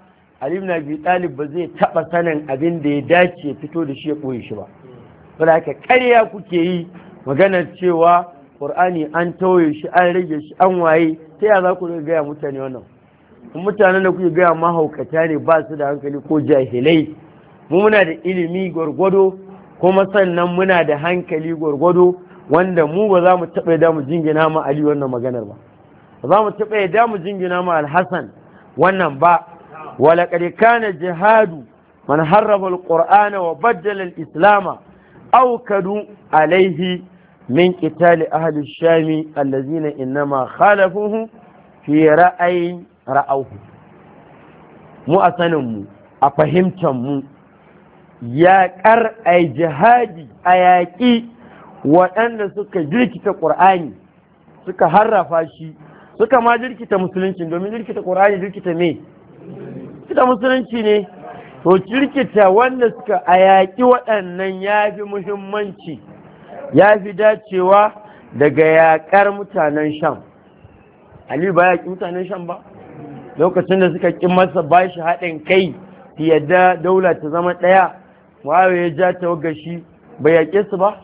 aliyu na bi ɗalib ba zai taɓa sanin abin da ya dace fito da shi ya ɓoye shi ba. Saboda haka ƙarya kuke yi maganar cewa ƙur'ani an tauye shi an rage shi an waye ta yaya za ku gaya mutane wannan mutanen da kuke gaya mahaukata ne ba su da hankali ko jahilai mu muna da ilimi gwargwado kuma sannan muna da hankali gwargwado wanda mu ba za mu taɓa yadda mu jingina ma ali wannan maganar ba ba za mu taɓa yadda mu jingina ma alhassan wannan ba walaƙar kana jihadu man harrafa alƙur'ana wa bajjala islama aukadu alaihi min qitali ahli shami allazina innama khalafuhu fi ra'ayin ra'auhu mu a sanin mu a fahimtar mu yaƙar ai jihadi a yaƙi waɗanda suka jirkita ƙur'ani suka harrafa shi suka ma jirkita musulunci domin jirkita ƙur'ani jirkita me? jirkita musulunci ne to kirkita wanda suka a yaƙi waɗannan ya fi muhimmanci ya fi dacewa daga yaƙar mutanen sham aliyu ba yaƙi mutanen sham ba lokacin da suka ƙi masa ba shi haɗin kai yadda daula ta zama ɗaya wawe ya ja ta shi bai yaƙe su ba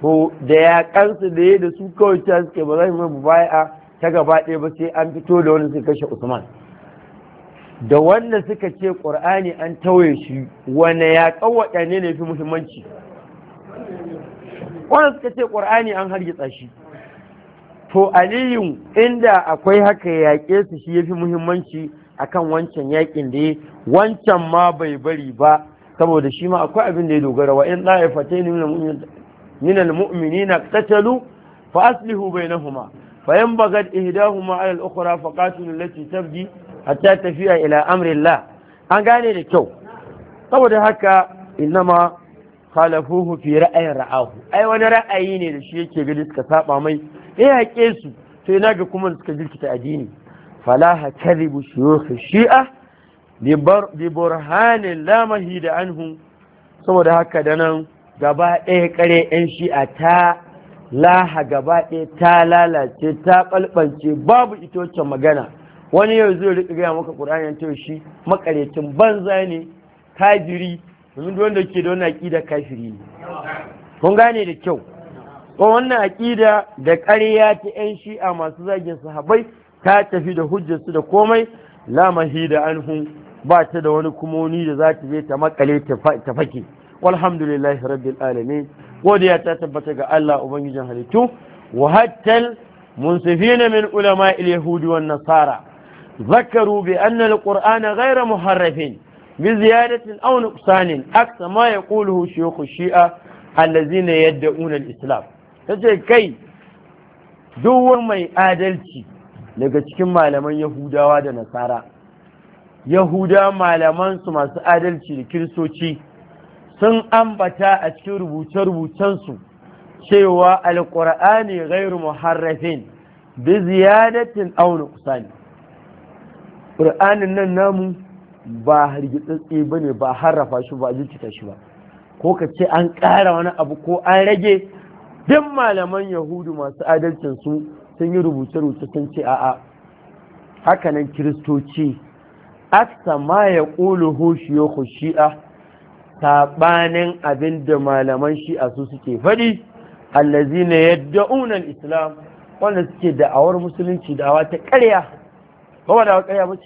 to da yaƙansu da ya da su kawai ta suke ba zai mai baya ta gaba ɗaya ba sai an fito da wani suka kashe usman da wanda suka ce ƙur'ani an tawaye shi wane ya waɗanne ne fi muhimmanci wanda suka ce ƙur'ani an hargitsa shi to aliyu inda akwai haka yaƙe su shi ya fi muhimmanci akan wancan yaƙin da ya wancan ma bai bari ba saboda shi ma akwai abin da ya dogara wa in ɗa'ifatai min al na tattalu? fa aslihu bainahuma fa yan bagad ihdahuma ala al-ukhra fa qatilu allati tabghi hatta tafiya ila amrillah an gane da kyau saboda haka inama khalafuhu fi ra'ayin ra'ahu ai wani ra'ayi ne da shi yake gani suka saba mai eh haƙe su sai naga kuma suka jirkita addini falaha kadhibu shuyukh shi'a bi burhanin la mahida anhu saboda haka da nan gaba ɗaya kare yan shi'a ta laha gaba ɗaya ta lalace ta ɓalɓance babu ita wacce magana wani yau zai rika gaya maka ƙur'ani ta shi makarecin banza ne kafiri domin duk wanda ke da wannan aƙida kafiri ne kun gane da kyau ko wannan aƙida da ƙarya ta 'yan shi'a masu zagin sahabai ta tafi da hujjarsu da komai la mahida anhu ba ta da wani kumoni da za ta je ta makale ta fake walhamdulillahi rabbil godiya ta tabbata ga Allah ubangijin halittu wa hattal munsifina min ulama al-yahudi wan nasara ذكروا بأن القرآن غير محرف بزيادة أو نقصان أكثر ما يقوله شيوخ الشيعة الذين يدعون الإسلام تجد كي دوور مي آدلتي daga cikin malaman Yahudawa da Nasara Yahuda malamansu masu adalci da kiristoci sun ambata a cikin rubuce-rubucensu cewa alƙur'ani ghairu muharrafin bi ziyadatin aw nuqsani ƙur'anin nan namu ba hargitsatse ba ne ba harrafa shi ba jirkita shi ba ko ka ce an ƙara wani abu ko an rage duk malaman yahudu masu adalcin su sun yi rubuce-rubuce sun ce a'a hakanan kiristoci aksa ma ya ƙulu hoshiyo shi'a saɓanin abin da malaman shi'a su suke faɗi allazi na yadda unan islam wanda suke da'awar musulunci da'awa ta ƙarya ko a da awar ƙarya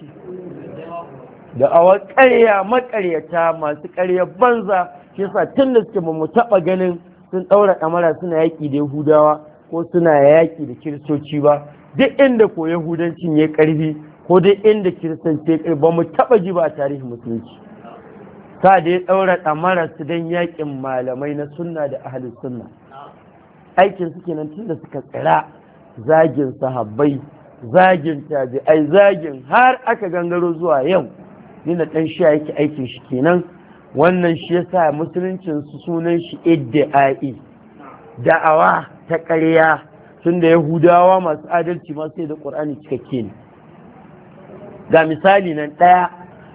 da awar ƙarya maƙaryata masu ƙarya banza shi sa tun da suke mu taɓa ganin sun ɗaura ɗamara suna yaƙi da yahudawa ko suna yaƙi da kiristoci ba duk inda ko yahudancin ya ƙarfi ko duk inda kiristanci ya ƙarfi ba mu taɓa ji ba a tarihin musulunci sa da ya ɗaura ɗamara su don yaƙin malamai na sunna da ahalin sunna aikin su kenan tun da suka tsira zagin sahabbai zagin ai zagin har aka gangaro zuwa yau na ɗan shi yake aikin shi kenan wannan shi yasa musuluncin su sunan shi idda'i da'awa ta ƙarya tunda yahudawa masu adalci masu sai da ƙur'ani cikakke ne ga misali nan ɗaya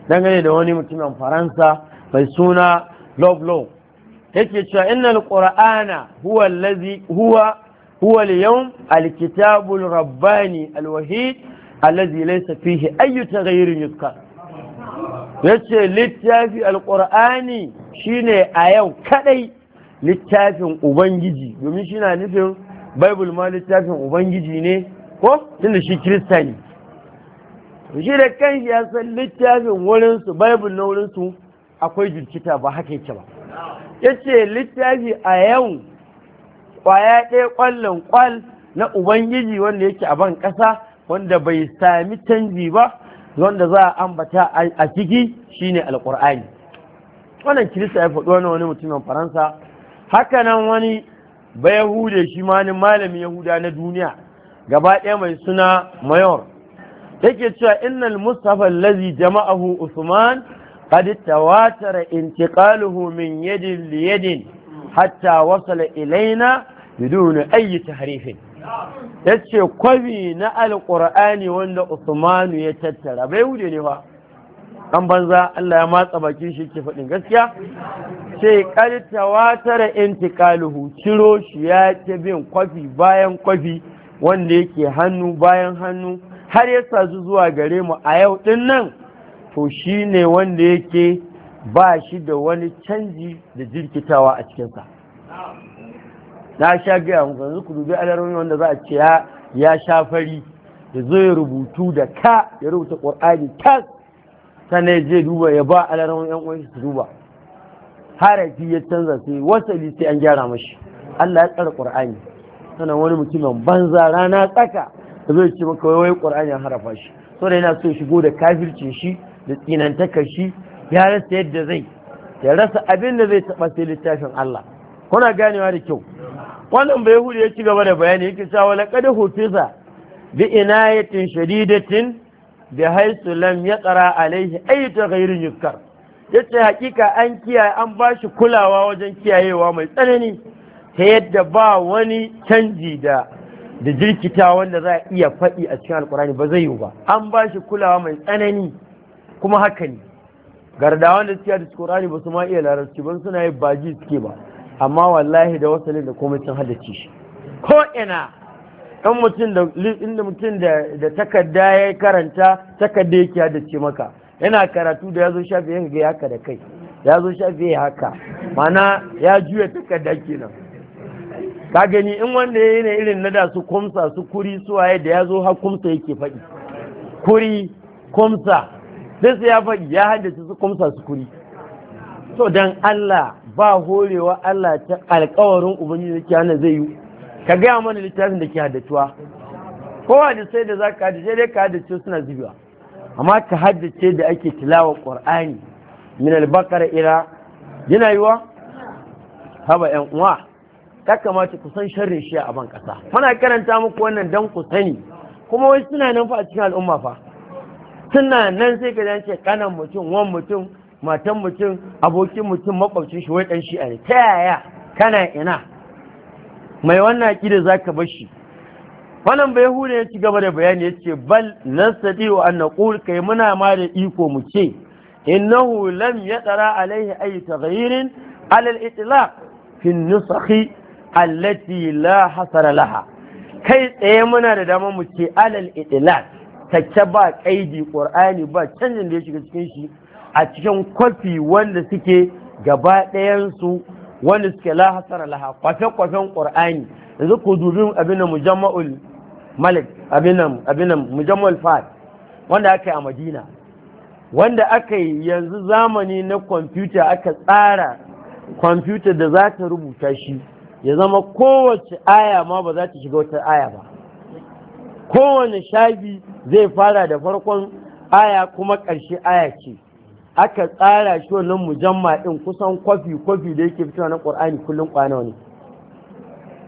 dangane da wani mutumin faransa mai suna lovelow yake cewa innal qur'ana huwa allazi huwa Uwal yau yawm al al-rabbani al-wahid allazi laysa yace littafi alƙur'ani shine a yau kadai littafin ubangiji domin shi na nufin bible ma littafin ubangiji ne ko tunda shi kirista ne shi da kanshi ya san littafin wurinsu bible na wurinsu akwai jirkita ba haka yake ba ya ce littafi a yau Kwaya ɗaya ƙwallon ƙwal na ubangiji wanda yake a ban ƙasa wanda bai sami canji ba wanda za a ambata a ciki shine alƙur'ani wannan kirista ya faɗi wani wani mutumin faransa haka nan wani bayahude shi ma ni malamin yahuda na duniya gaba ɗaya mai suna mayor yake cewa innal mustafa allazi jama'ahu usman قد تواتر min yadin يد ليد hatta وصل إلينا بدون ayyi تحريف yace kwabi na Alƙur'ani wanda Usmanu ya tattara bai wuce ne ba an banza Allah ya matsa bakin shi ke faɗin gaskiya sai kaltawa tara intiqaluhu ciro shi ya ce bin kwafi bayan kwafi wanda yake hannu bayan hannu har ya sazu zuwa gare mu a yau din nan to shine wanda yake ba shi da wani canji da jirkitawa a cikinsa na sha gaya muku yanzu ku dubi alarun wanda za a ce ya sha fari da zo ya rubutu da ka ya rubuta ƙwar'ani sana ya je duba ya ba alarun yan uwan su duba harafi ya canza sai wasali sai an gyara mashi Allah ya tsara ƙwar'ani sannan wani mutumin banza rana tsaka da zai ce maka wai ƙwar'ani an harafa shi saboda yana so shigo da kafircin shi da tsinantakar shi ya rasa yadda zai ya rasa abin da zai taɓa sai littafin Allah kuna ganewa da kyau wannan bai hudu ya ci gaba da bayani yake cewa laqad hufiza bi inayatin shadidatin bi haythu lam yaqra alayhi ayatu ghairin yuzkar yace hakika an kiyaye an bashi kulawa wajen kiyayewa mai tsanani ta yadda ba wani canji da da jirkita wanda za a iya faɗi a cikin alkurani ba zai yiwu ba an ba shi kulawa mai tsanani kuma haka ne gardawan da suke da alkurani ba su ma iya larabci ba suna yi baji suke ba amma wallahi da wasu da komai sun haddace shi ko ina ɗan mutum da inda mutum da takarda ya karanta takarda yake haddace maka yana karatu da ya zo shafi yin ga haka da kai ya shafi ya haka mana ya juya takarda kenan ka gani in wanda ya yi irin na da su kumsa su kuri su waye da ya zo har kumsa yake faɗi kuri kumsa duk ya faɗi ya haddace su kumsa su kuri to dan Allah ba horewa Allah ta alkawarin ubangiji da kiyana zai yi ka gaya mana littafin da ke haddatuwa kowa da sai da za ka haddace dai ka haddace suna zubewa amma ka haddace da ake tilawa Ƙwar'ani min albakar ira, yana yiwa haba yan uwa "Ka kamata ku san sharrin shi a ban ƙasa." muna karanta muku wannan don ku sani kuma wai suna nan fa a cikin al'umma fa suna nan sai ka ce kanan mutum wan mutum matan mutum abokin mutum makwabcin shi wai dan shi ne ta yaya kana ina mai wannan akida zaka bar shi wannan bai hude ya ci gaba da bayani ya ce bal nastati wa an naqul kai muna ma da iko mu ce innahu lam yadara alaihi ay taghyirin ala al-itlaq fi an-nusakh allati la hasara laha kai tsaye muna da dama mu ce alal itlaq tacce ba ƙa'idi qur'ani ba canjin da ya shiga cikin shi a cikin kwafi wanda suke gaba ɗayansu wanda suke lahasar laha kwafe-kwafen ƙur'ani yanzu ku dubi abin mujamma'ul malik abin mujamma'ul fad wanda aka yi a madina wanda aka yi yanzu zamani na kwamfuta aka tsara kwamfuta da za ta rubuta shi ya zama kowace aya ma ba za ta shiga wata aya ba kowane shafi zai fara da farkon aya kuma ƙarshe aya ce aka tsara shi wannan mujamma din kusan kwafi kwafi da yake fitowa na qur'ani kullun kwana ne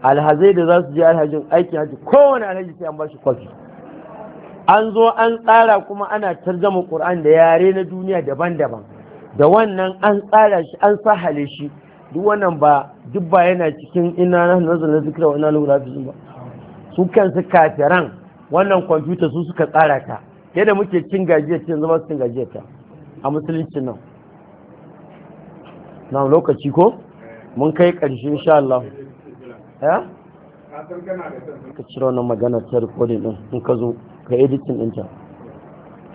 alhazai da za su je alhajin aikin haji kowane alhaji sai an ba shi kwafi an zo an tsara kuma ana tarjama qur'ani da yare na duniya daban-daban da wannan an tsara shi an sahale shi duk wannan ba duk ba yana cikin ina na nazarin zikira wa ina lura ba su kansu kafiran wannan kwamfuta su suka tsara ta yadda muke cin gajiyar cin zama su cin gajiyar ta a musulunci nan na lokaci ko mun kai ƙarshe insha Allah ya ka cire wannan magana ta recording din in ka zo ka editin ɗinta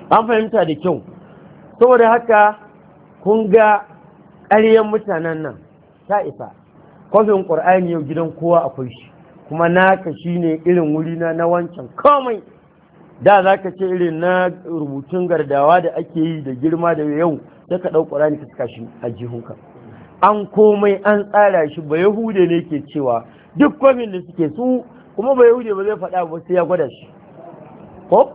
an fahimta da kyau saboda haka kun ga ƙaryen mutanen nan ta isa kwafin ƙur'ani yau gidan kowa akwai shi kuma naka ne irin wurina na wancan komai da za ka ce irin na rubutun gardawa da ake yi da girma da yau da ka ɗau ƙurani ka a jihunka an komai an tsara shi ba yahude ne ke cewa duk kwamin da suke su kuma ba yahude ba zai faɗa ba sai ya gwada shi ko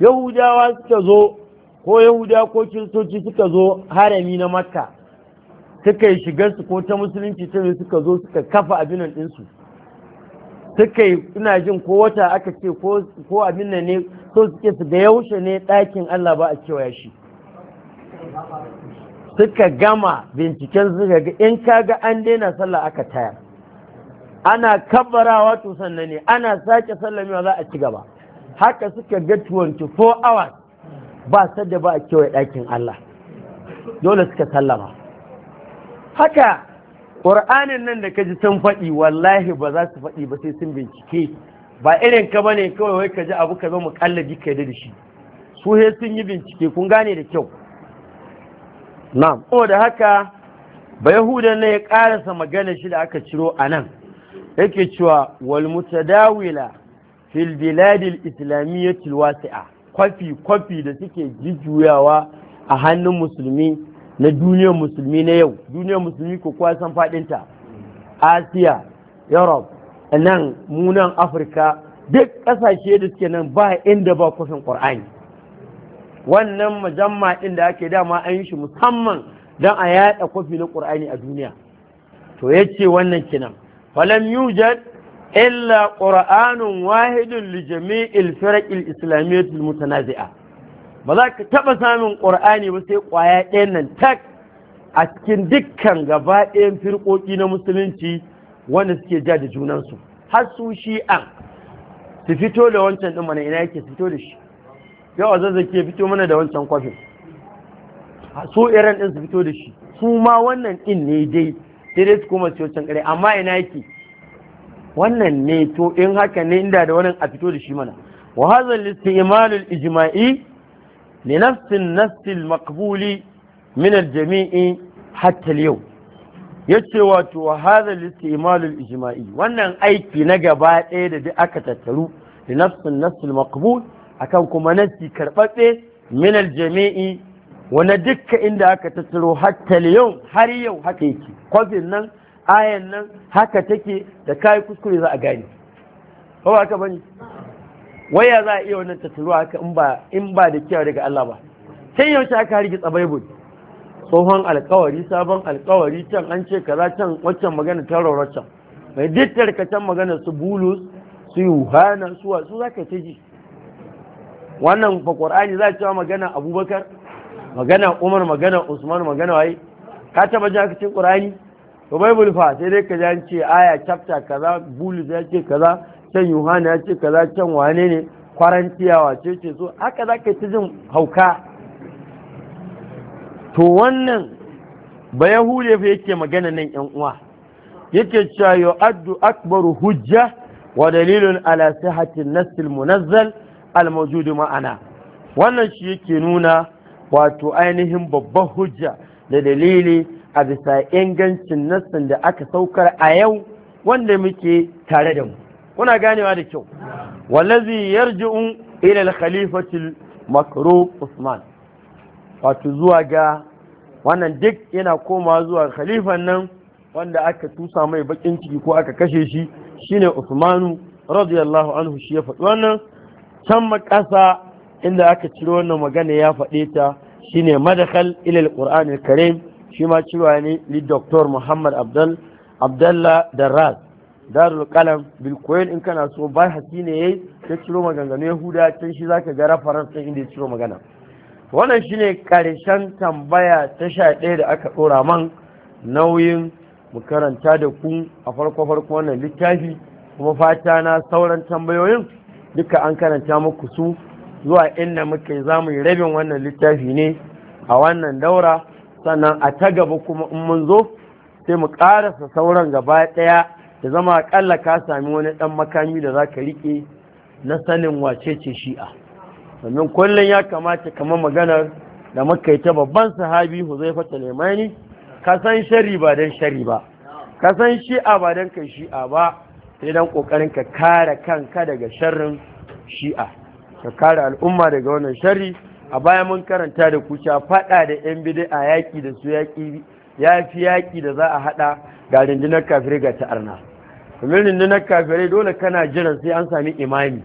yahudawa suka zo ko yahuda ko kiristoci suka zo harami na makka suka yi shigarsu ko ta musulunci ta suka zo suka kafa abinan ɗinsu suka yi ina jin ko wata aka ce ko abin da ne so suke su da yaushe ne ɗakin Allah ba a kewaya shi suka gama binciken suka ga in kaga an daina sallah aka taya ana kabbarawa to sannan ne ana sake sallamewa za a ci gaba haka suka ga 24 hours ba sadda ba a kewaye ɗakin Allah dole suka sallama haka ƙur'anin nan da ka ji sun faɗi wallahi ba za su faɗi ba sai sun bincike ba irin ka bane kawai wai ka ji abu ka mu kallabi ka da shi su he sun yi bincike kun gane da kyau na'am ko da haka ba yahuda ne ya karasa magana shi da aka ciro a nan yake cewa wal mutadawila fil biladil islamiyyatil wasi'a kwafi kwafi da suke jujjuyawa a hannun musulmi na duniyar musulmi na yau duniyar musulmi ko kowa san faɗinta asiya europe nan munan afirka duk ƙasashe da suke nan ba inda ba kusan ƙur'ani wannan majamma ɗin da ake dama an shi musamman don a yaɗa kwafi na ƙur'ani a duniya to ya ce wannan kinan falam yujad illa Qur'anun, wahidun li jami'il firaqil islamiyyatil mutanazi'a ba za ka taɓa samun ƙur'ani ba sai ƙwaya ɗayan nan tak a cikin dukkan gaba ɗayan firƙoƙi na musulunci wanda suke ja da junansu har su shi'an su fito da wancan ɗin mana ina yake fito da shi yau a ke fito mana da wancan kwafin su iran ɗin su fito da shi su ma wannan ɗin ne dai sai dai su koma su wancan ƙare amma ina yake wannan ne to in haka ne inda da wannan a fito da shi mana wa hazal istimalul ijma'i لنفس النفس المقبول من الجميع حتى اليوم yace wato wa hadha al-istimal al-ijma'i wannan aiki na gaba ɗaya da duk aka tattaru li nafsin nafsul maqbul akan kuma nafsi karbabbe min al-jami'i wani dukkan inda aka tattaro hatta yau har yau haka yake kwafin nan ayan nan haka take da kai kuskure za a gane bane waya za a iya wannan tattaruwa haka in ba da kyau daga Allah ba yau yaushe aka hargitsa baibul tsohon alkawari sabon alkawari can an ce kaza can waccan magana ta rauraccan mai duk can magana su bulus su yuhana su wasu za ka ta ji wannan fa qur'ani za cewa magana abubakar magana umar magana usman magana waye ka taba ji aka ce qur'ani to bible fa sai dai ka ji an ce aya chapter kaza bulus ya ce kaza can yohana ya ce kaza can wane ne kwarantiyawa ce ce so haka za ka ta jin hauka to wannan ba hule fa yake magana nan yan uwa yake cewa Addu akbaru hujja wa dalilun ala sihhati an munazzal al ma'ana wannan shi yake nuna wato ainihin babban hujja da dalili a bisa ingancin nassin da aka saukar a yau wanda muke tare da mu kuna ganewa da kyau wallazi yarji'u ila al-khalifati makruh Usman wato zuwa ga wannan duk yana koma zuwa khalifan nan wanda aka tusa mai bakin ciki ko aka kashe shi shine Usmanu radiyallahu anhu shi ya faɗi wannan can makasa inda aka ciro wannan magana ya faɗe ta shine madakhal ila al-Qur'an al-Karim shi ma ciwa ne li Dr. Muhammad Abdul Abdullah Darras darul kalam bil in kana so bai haki ne yayi ta ciro maganganu yahuda can shi zaka ga rafaran din inda ya ciro magana wannan shine karshen tambaya ta sha ɗaya da aka ɗora man nauyin mu karanta da ku a farko farko wannan littafi kuma fata na sauran tambayoyin duka an karanta muku su zuwa inda muke za mu yi rabin wannan littafi ne a wannan daura sannan a ta gaba kuma in mun zo sai mu ƙarasa sauran gaba ɗaya da zama aƙalla ka sami wani ɗan makami da za ka riƙe na sanin wacece shi'a domin kullum ya kamata kamar maganar da ta babban sahabi huzaifa talemani ka san shari ba don shari ba ka san shi'a ba don kai shi'a ba sai don ƙoƙarin ka kare kanka daga sharrin shi'a ka kare al'umma daga wannan shari a baya mun karanta da kuca faɗa da 'yan a yaƙi da su yaƙi ya fi yaƙi da za a haɗa ga rundunar kafirai ga ta'arna kamar rundunar kafirai dole kana jiran sai an sami imami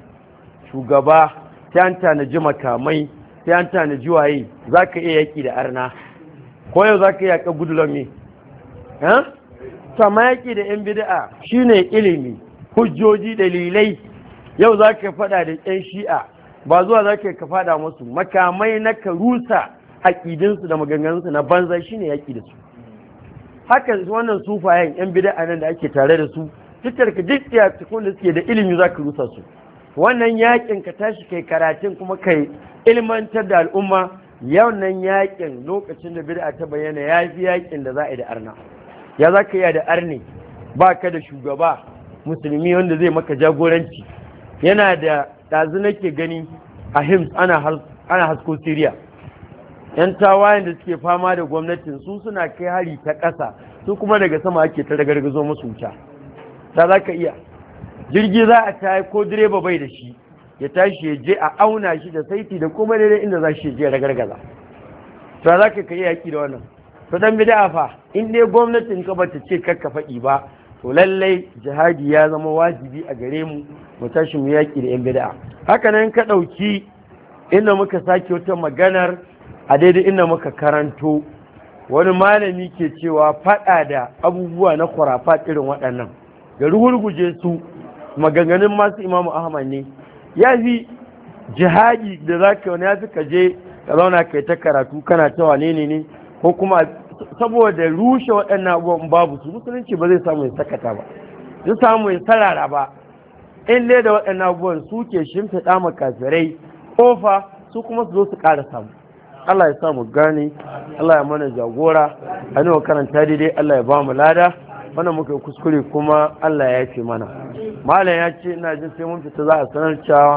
shugaba sai an tanaji makamai sai an tanaji waye za ka iya yaƙi da arna ko yau za ka iya yaƙa gudulami sama yaƙi da 'yan bida'a shine ilimi hujjoji dalilai yau za ka faɗa da 'yan shi'a ba zuwa za ka ka faɗa musu makamai na karusa rusa haƙidinsu da maganganunsu na banza shine yaƙi da su haka wannan sufayen yan bid'a nan da ake tare da su fitar ka duk da suke da ilimi za ka rusa su wannan yakin ka tashi kai karatun kuma kai ilmantar da al'umma yawan yakin lokacin da bid'a ta bayyana ya fi yakin da za a yi da arna ya za ka yi da arni ba ka da shugaba musulmi wanda zai maka jagoranci yana da ɗazu nake gani a hims ana hasko siriya 'yan tawayen da suke fama da gwamnatin su suna kai hari ta ƙasa su kuma daga sama ake ta gazo masu wuta ta za ka iya jirgi za a tayi ko direba bai da shi ya tashi ya je a auna shi da saiti da kuma daidai inda za shi je gaza ta za ka kai yaƙi da wannan to dan bid'a fa in dai gwamnatin ka bata ce karka faɗi ba to lallai jihadi ya zama wajibi a gare mu mu tashi mu yaƙi da 'yan bid'a haka nan ka ɗauki inda muka sake wata maganar a daidai inda muka karanto wani malami ke cewa faɗa da abubuwa na kwarafa irin waɗannan da ruhurguje su maganganun masu imamu ahmad ne ya fi jihadi da za ka wani ya fi ka je ka zauna ka ta karatu kana ta wane ne ne ko kuma saboda rushe waɗannan abubuwan babu su musulunci ba zai samu ya sakata ba zai samu ya sarara ba in dai da waɗannan abubuwan su ke shimfiɗa makasirai ƙofa kofa su kuma su zo su ƙara samu Allah ya sa mu gane Allah ya mana jagora a nawa karanta daidai Allah ya ba mu lada wannan muka yi kuskure kuma Allah ya ce mana malam ya ce ina jin sai mun fita za a sanar cewa